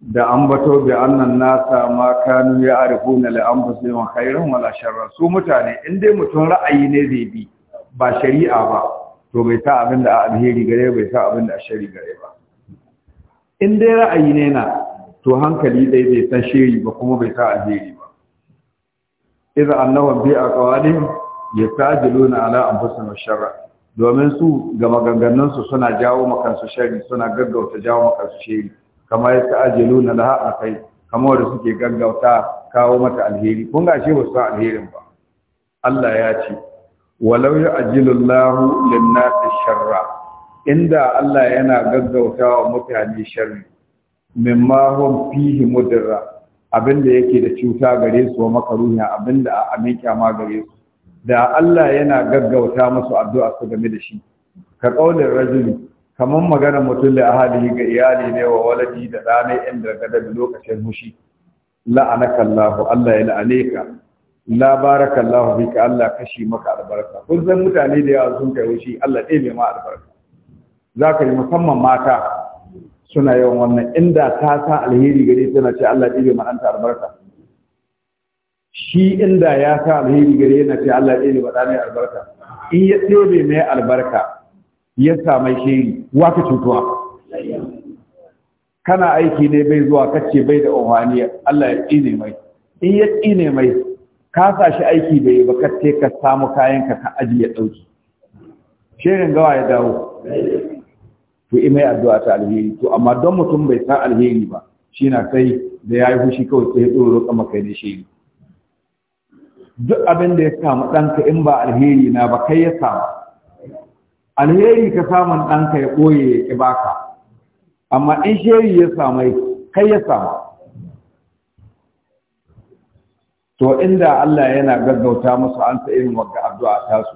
da ambato bi annan nasa ma kanu ya arifuna li anfusihim khairan wala sharra su mutane in dai mutum ra'ayi ne zai bi ba shari'a ba to bai sa abin da alheri gare bai sa abin da a shari'a gare ba in dai ra'ayi ne na to hankali dai bai san shiri ba kuma bai sa alheri ba idza annahum bi aqwalihim yastajiluna ala anfusihim sharra domin su ga maganganunsu suna jawo su shari suna gaggauta jawo su shari kamar ya ta'ajilu na laha a kai kamar da suke gaggauta kawo mata alheri kun ga shi wasu alherin ba Allah ya ce walau ya ajilu lahu linnasi sharra inda Allah yana gaggautawa mutane sharri mimma hum fihi mudarra abinda yake da cuta gare su wa makaruha abinda a kyama gare su da Allah yana gaggauta musu addu'a su game da shi ka kaulin rajuli kamar magana mutum da ahalihi ga iyali ne wa waladi da ɗane inda gada da lokacin hushi la'anaka Allah Allah ya la'ane ka la baraka Allah fi ka Allah kashi maka albarka kun san mutane da yawa sun kai hushi Allah ɗaya ma albarka za yi musamman mata suna yawan wannan inda ta sa alheri gare tana ce Allah ɗebe ma'anta albarka shi inda ya sa alheri gare yana ce Allah ɗebe ba ɗane albarka in ya ɗebe mai albarka ya sa mai shiri waka cutuwa kana aiki ne bai zuwa kace bai da ohaniya Allah ya ne mai in ya tsine mai ka sa shi aiki bai ba kace ka samu kayan ka ka ajiye ɗauki shirin gawa ya dawo to in mai addu'a ta alheri to amma don mutum bai sa alheri ba shi na sai da ya yi fushi kawai sai ya tsoro roƙa maka da shi duk abin da ya samu ɗanka in ba alheri na ba kai ya samu alheri ka samun ɗanka ya ɓoye ya ƙi baka amma in sheri ya samu kai ya samu to inda Allah yana gaggauta musu an sa irin wagga addu'a ta su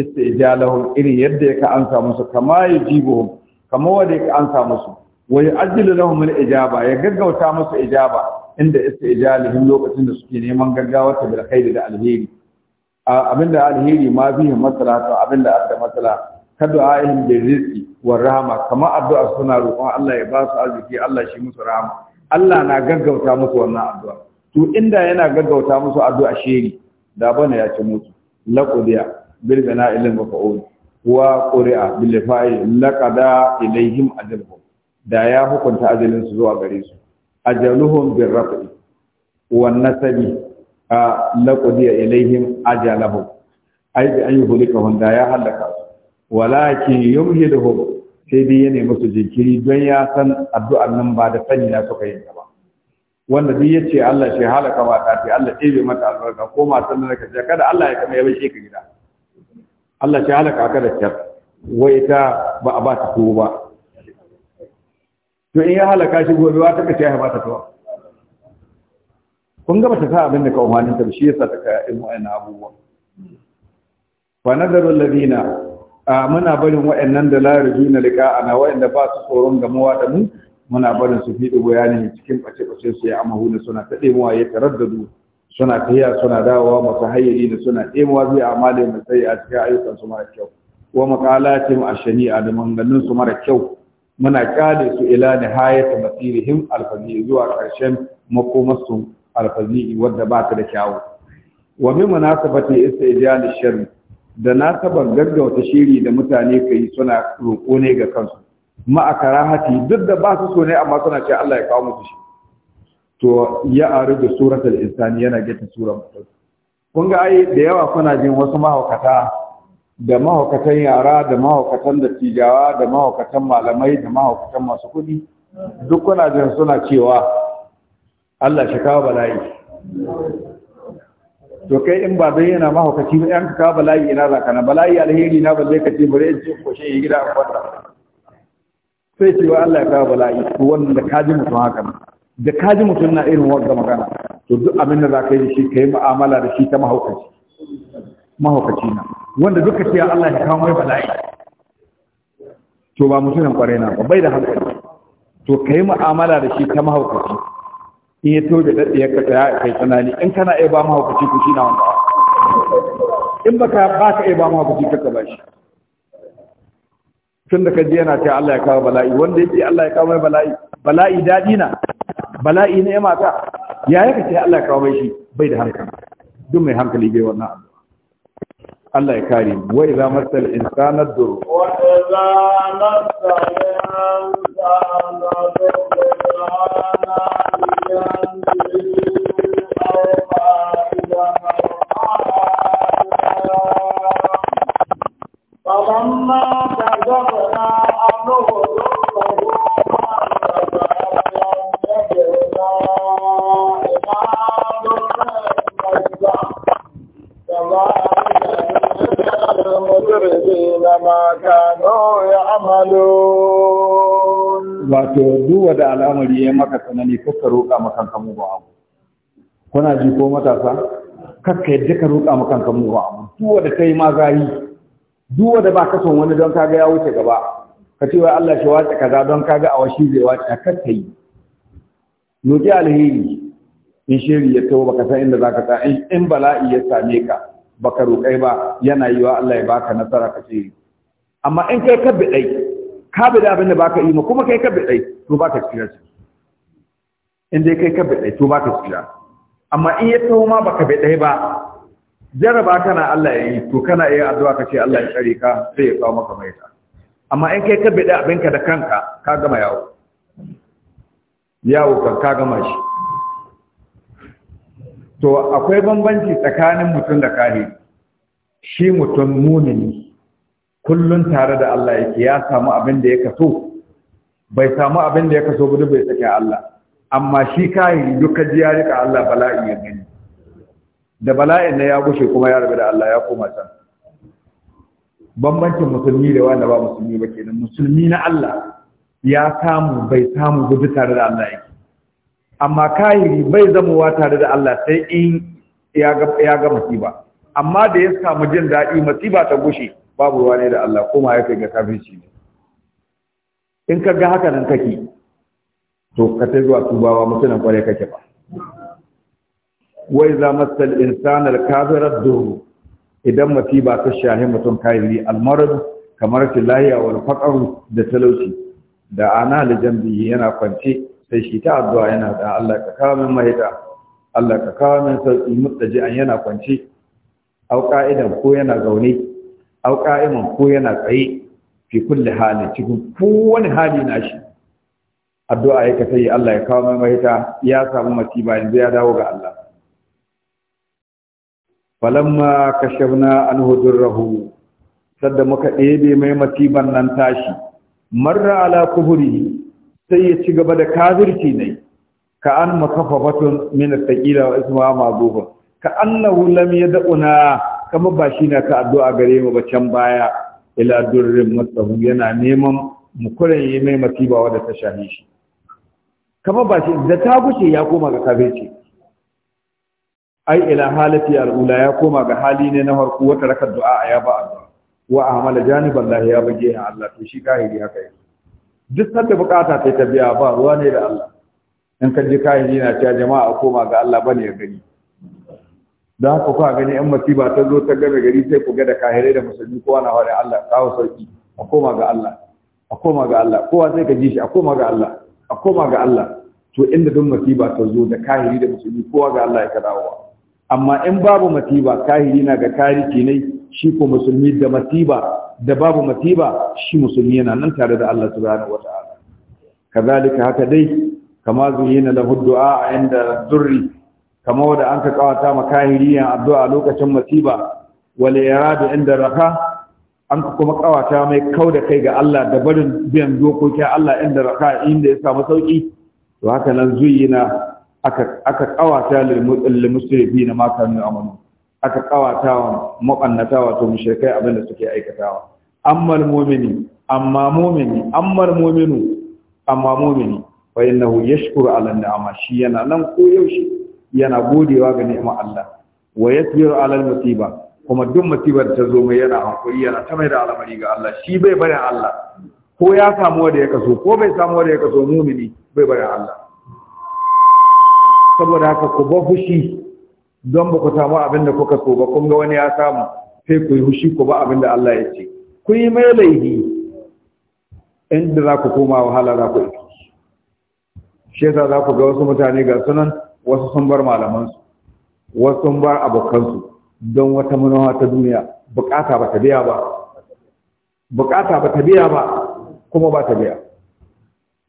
istijalahum irin yadda yake an samu musu kama yajibuhum kamar wanda ya ansa musu wa yu'ajjilu lahum al-ijaba ya gaggauta musu ijaba inda istijalihim lokacin da suke neman gaggawa ta bil da alheri abinda alheri ma bihi maslahatu abinda adda maslaha kadu'a'ihim bil rizqi wa rahma Kamar addu'a suna roƙon Allah ya ba su arziki Allah shi musu rahama Allah na gaggauta musu wannan addu'a to inda yana gaggauta musu addu'a shiri da bana ya ci musu laqudiya bil bana'il mafa'ul wa ƙuri'a bilifai laƙada ilaihim ajalhum da ya hukunta ajalin su zuwa gare su ajaluhum bin rafi wa nasabi a laƙudiya ilaihim ajalahum ai bi an yi hulikahun da ya hallaka su walakin yumhiduhum sai dai ya nemi su jinkiri don ya san addu'ar nan ba da sani na suka yi ba wanda duk yace Allah shi halaka ba ta ce Allah ɗebe mata albarka ko ma da ka kada Allah ya kama ya bai ka gida Allah shi halaka ka da kyar wai ta ba a ba ta tuwo ba to in ya halaka shi gobe wa ta kace ya ba ta tuwo kun ga bata sa abin da ka umarnin ta shi yasa ta ka ilmu ayyana abubuwa fa nadaru alladhina muna barin waɗannan da la rujuna liqa'ana waɗanda ba su tsoron gamuwa da mu muna barin su fi bayani cikin bace bace su ya amahuna suna ta demuwa ya taraddadu suna tahiya suna dawowa masu hayyari da suna ɗemowa zai a da mai tsaye a cikin ayyukan su mara kyau wa makalatin a da manganin su mara kyau muna kyale su ila ta masirihim alfazi zuwa ƙarshen makomarsu alfazi wadda ba ta da kyawu wa min munasabati istijali sharri da nasabar gaggauta shiri da mutane kai suna roƙo ne ga kansu ma hati duk da ba su so ne amma suna ce Allah ya kawo musu shi to ya aru da suratul insani yana gita sura mutum kun ga ai da yawa kuna jin wasu mahaukata da mahaukatan yara da mahaukatan dattijawa da mahaukatan malamai da mahaukatan masu kuɗi duk kuna jin suna cewa Allah shi kawo bala'i to kai in ba zai yana mahaukaci ba yanka kawo bala'i ina za ka na bala'i alheri na ba zai ka ce bari in ce koshe ya gida a kwata sai cewa Allah ya kawo bala'i ko wanda ka ji mutum haka da kaji mutum na irin wanda magana to duk abin da za ka yi shi ka yi mu'amala da shi ta mahaukaci mahaukaci na wanda duka ce Allah ya kawo mai bala'i to ba mutumin kwarai na ba bai da hankali to ka yi mu'amala da shi ta mahaukaci in ya to da dadi ya tsaya kai tsanani in kana iya ba mahaukaci ku shi na wanda in baka ba ka iya ba mahaukaci ka ba shi tun da ka ji yana ce Allah ya kawo bala'i wanda yake Allah ya kawo mai bala'i bala'i dadi na bala'i ne mata ya yaka ce Allah ya kawo mai shi bai da hankali duk mai hankali bai wannan abu Allah ya kare mu wa idza masal insana dur wa idza masal insana dur فلما كذبنا أمره Wato, duwa da al'amari ya maka tsanani kakka roƙa makan kamu ba abu. Kuna ji ko matasa? Kakka yadda ka roƙa makan kamu ba abu. Duwa da ta yi ma yi. duwa da ba ka son wani don kaga ya wuce gaba. Ka ce wa Allah shi wace kaza don kaga a washi zai wace a kakka yi. Roƙi alheri, in shiri ya taho baka san inda za ka ta in bala'i ya same ka baka roƙai ba yana yi wa Allah ya baka nasara ka ce amma in kai ka dai ka da abin da baka yi ma kuma kai ka dai to baka tsira shi in dai kai ka dai to baka tsira amma in ya taho ma baka dai ba jaraba kana Allah ya yi to kana iya addu'a ka ce Allah ya tsare ka sai ya kawo maka maita amma in kai ka dai abinka da kanka ka gama yawo yawo kan ka gama shi to akwai bambanci tsakanin mutum da kahi shi mutum munini kullun tare da Allah yake ya samu abin da ya kaso bai samu abin da ya kaso gudu bai tsake Allah amma shi kayi duka ji ya rika Allah bala'i ya gani da bala'in na ya gushe kuma ya rabu da Allah ya koma can bambancin musulmi da wanda ba musulmi ba kenan musulmi na Allah ya samu bai samu gudu tare da Allah yake amma kahiri bai zamowa tare da Allah sai in ya ga masiba amma da ya samu jin daɗi masiba ta gushe babu ruwa ne da Allah kuma ya kai ga kafirci ne in ka ga haka nan kake to ka ta zuwa tubawa mutunan kware kake ba wa za masal insana al-kafir ad-dur idan masiba ta shahi mutum kayi al-marad kamar tilahiya wal faqr da talauci da ana da jambi yana kwance sai shi ta addu'a yana da Allah ka kawo min mahita Allah ka kawo min sauki mutaji an yana kwance au ka'idan ko yana zaune au ƙa’iman ko yana tsaye fi kulle halin cikin kowane hali na shi addu'a yake sai Allah ya kawo mai mahita ya samu masiba yanzu ya dawo ga Allah falamma an hudun rahu, sadda muka ɗebe mai masiban nan tashi marra ala kuhuri, sai ya ci gaba da kafirci ne ka an makafafatun min taqila wa isma ma'dufun ka annahu lam yad'una kama ba shi na ka addu'a gare mu ba can baya ila durrin masahu yana neman mu yi mai masiba wadda ta shahi shi kama ba shi da ta gushe ya koma ga kafirci ai ila halati al'ula ya koma ga hali ne na farko wata raka du'a ya ba addu'a wa amala janiban lahi ya bage ya Allah to shi kahiri haka yi duk sanda bukata ta biya ba ruwa ne da Allah in ka ji kahiri na ta jama'a koma ga Allah bane ya gani Da haka kuka gani yan masiba ta zo ta game gari sai ku ga da kahirai da musulmi kowa na wani Allah kawo sauki a koma ga Allah a koma ga Allah kowa sai ka ji shi a koma ga Allah a koma ga Allah to inda don masiba ta zo da kahiri da musulmi kowa ga Allah ya ka dawowa amma in babu masiba kahiri na ga kari kenai, shi ko musulmi da masiba da babu masiba shi musulmi yana nan tare da Allah subhanahu wataala kazalika haka dai kama zuyina lahu du'a inda durri kamar wanda an ka kawata ma kahiriyan addu'a lokacin masiba wal iradu inda raka an ka kuma kawata mai kau da kai ga Allah da barin biyan dokokin Allah inda raka inda ya samu sauki to haka nan zuyina aka aka kawata lil na maka ne aka kawata wa mabannata wato mushrikai abin da suke aikatawa amma mu'mini amma mu'mini amma mu'minu amma mu'mini fa innahu yashkuru ala ni'ama shi yana nan ko yaushe yana godewa ga ni'imar Allah wa yasbiru alal musiba kuma duk musibar ta zo mai yana hankali. yana ta mai da al'amari ga Allah shi bai bari Allah ko ya samu wanda ya kaso ko bai samu wanda ya kaso mumini bai bari Allah saboda haka ku ba fushi don ba ku samu abin da kuka so ba kun ga wani ya samu sai ku yi fushi ku ba abin da Allah ya ce ku yi mai laifi inda za ku koma wahala za ku yi shi yasa za ku ga wasu mutane ga sunan wasu sun bar malamansu wasu sun bar abokansu don wata manawa ta duniya bukata ba ta biya ba bukata ba ta biya ba kuma ba ta biya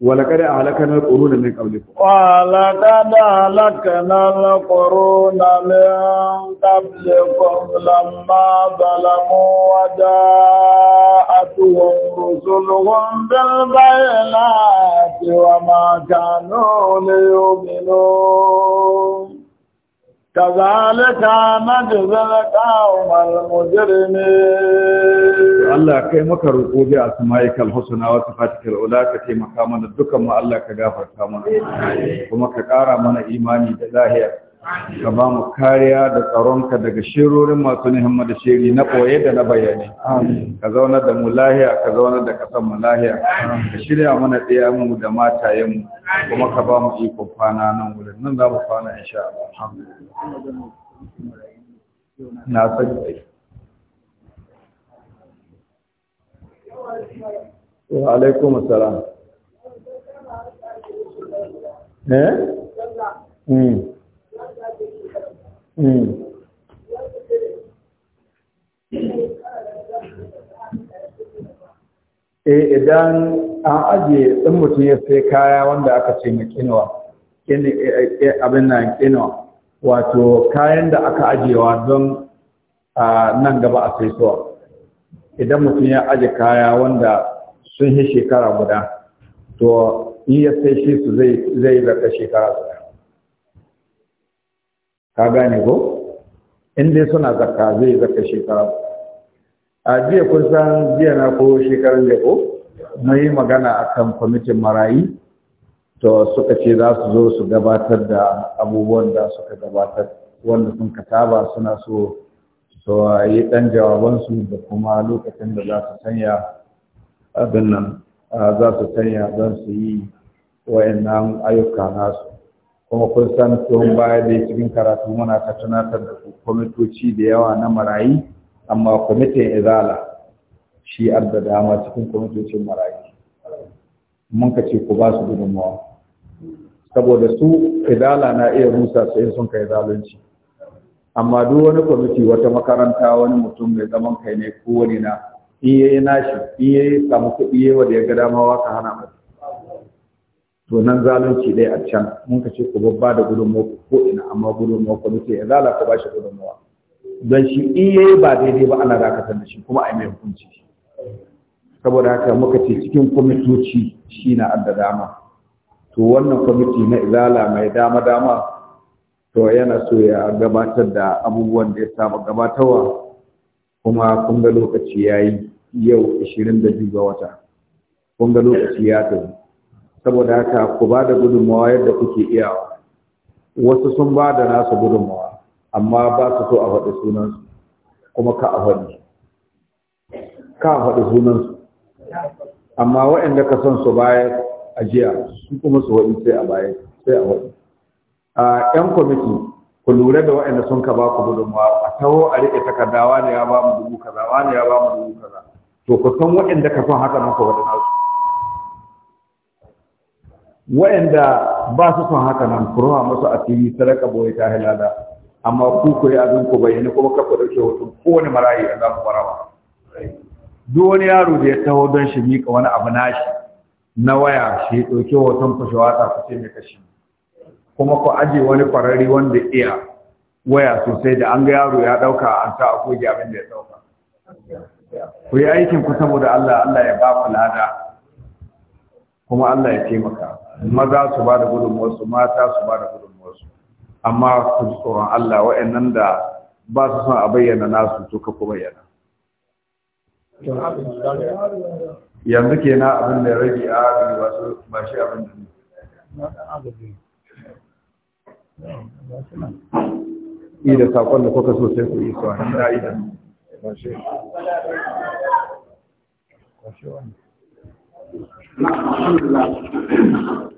ولقد أهلكنا القرون من قبلكم ولقد أهلكنا القرون من قبلكم لما ظلموا وجاءتهم رسلهم بالبينات وما كانوا ليؤمنون كذلك نجزى القوم المجرمين الله kai maka roƙo bi asma'ikal husna wa sifatikal ula ka taimaka mana dukkan mu Allah ka gafarta mana kuma ka ƙara mana imani da lahiya ka ba mu kariya da tsaronka daga shirorin masu nihimma da shiri na ɓoye da na bayani ka zauna da mu lahiya ka zauna da kasan mu lahiya ka shirya mana ɗaya mu da matayen mu kuma ka ba mu ikon kwana nan wurin nan za mu kwana sha Allah na sani wa alaikum assalam eh hmm. Hmm. eh idan an ajiye in mutum ya sai kaya wanda aka ce mai eh, eh, eh, abin nan wato kayan da aka ajiyewa don nan gaba a sai suwa idan mutum ya aje kaya wanda sun yi shekara guda to in ya sai shi su zai zai zaka shekara guda ka gane ko in dai suna zakka zai zakka shekara a jiya kun san jiya na ko shekaran da ko na yi magana a kan kwamitin marayi to suka ce za su zo su gabatar da abubuwan da suka gabatar wanda sun kataba suna so su yi ɗan jawabansu da kuma lokacin da za su sanya abin nan za su sanya don su yi wayannan ayyuka nasu kuma kun san tsohon baya da cikin karatu muna ta tunatar da kwamitoci da yawa na marayi amma kwamitin izala shi da dama cikin kwamitocin marayi mun ka ce ku ba su gudunmawa saboda su izala na iya rusa su in sun kai zalunci amma duk wani kwamiti wata makaranta wani mutum mai zaman kai ne ko wani na in yayi nashi in yayi samu kuɗi yayi wanda ya ga dama ka hana masa to nan zalunci dai a can mun ka ce ku babba da gudunmuwa ko ina amma gudunmuwa ku muke ya zala ka bashi gudunmuwa don shi in yayi ba daidai ba ana dakatar da shi kuma a mai hukunci saboda haka muka ce cikin kwamitoci shi na adda dama to wannan kwamiti na izala mai dama dama to yana so ya gabatar da abubuwan da ya saba gabatarwa kuma kun ga lokaci ya yi yau 22 ga wata kun lokaci ya tafi saboda haka ku ba da gudunmawa yadda kuke iyawa wasu sun ba da nasu gudunmawa amma ba su so a faɗi sunansu kuma ka a faɗi ka a faɗi sunansu amma waɗanda ka son su baya a jiya su kuma su waɗi sai a baya sai a waɗi a ƴan kwamiti ku lura da waɗanda sun ka ba ku gudunmawa a taho a riƙe takarda wani ya ba mu dubu kaza wani ya ba mu dubu kaza to ku san waɗanda ka son haka nan ku waɗi nasu wa'anda ba su son haka nan ku ruwa musu asiri sadaka boye ta halala amma ku ku yi abin ku bayyana kuma ka ku dauke hoton kowane marayi a zamu barawa duk wani yaro da ya taho don shi mika wani abu nashi na waya shi dauke hoton ku shi ku ce mai kashi kuma ku aje wani kwararri wanda iya waya sosai da an ga yaro ya dauka an sa a goge abin da ya dauka ku yi aikin ku saboda Allah Allah ya ba ku lada kuma Allah ya taimaka maza su ba da gudunmuwarsu mata su ba da gudunmuwarsu amma su tsoron Allah wa'annan da ba su son a bayyana nasu to ka ku bayyana yanzu kenan abin da ya rage a agaji ba su ba shi abin da ne da sakon da kuka so sai ku yi su a nan da idan ba shi wani Alhamdulillah.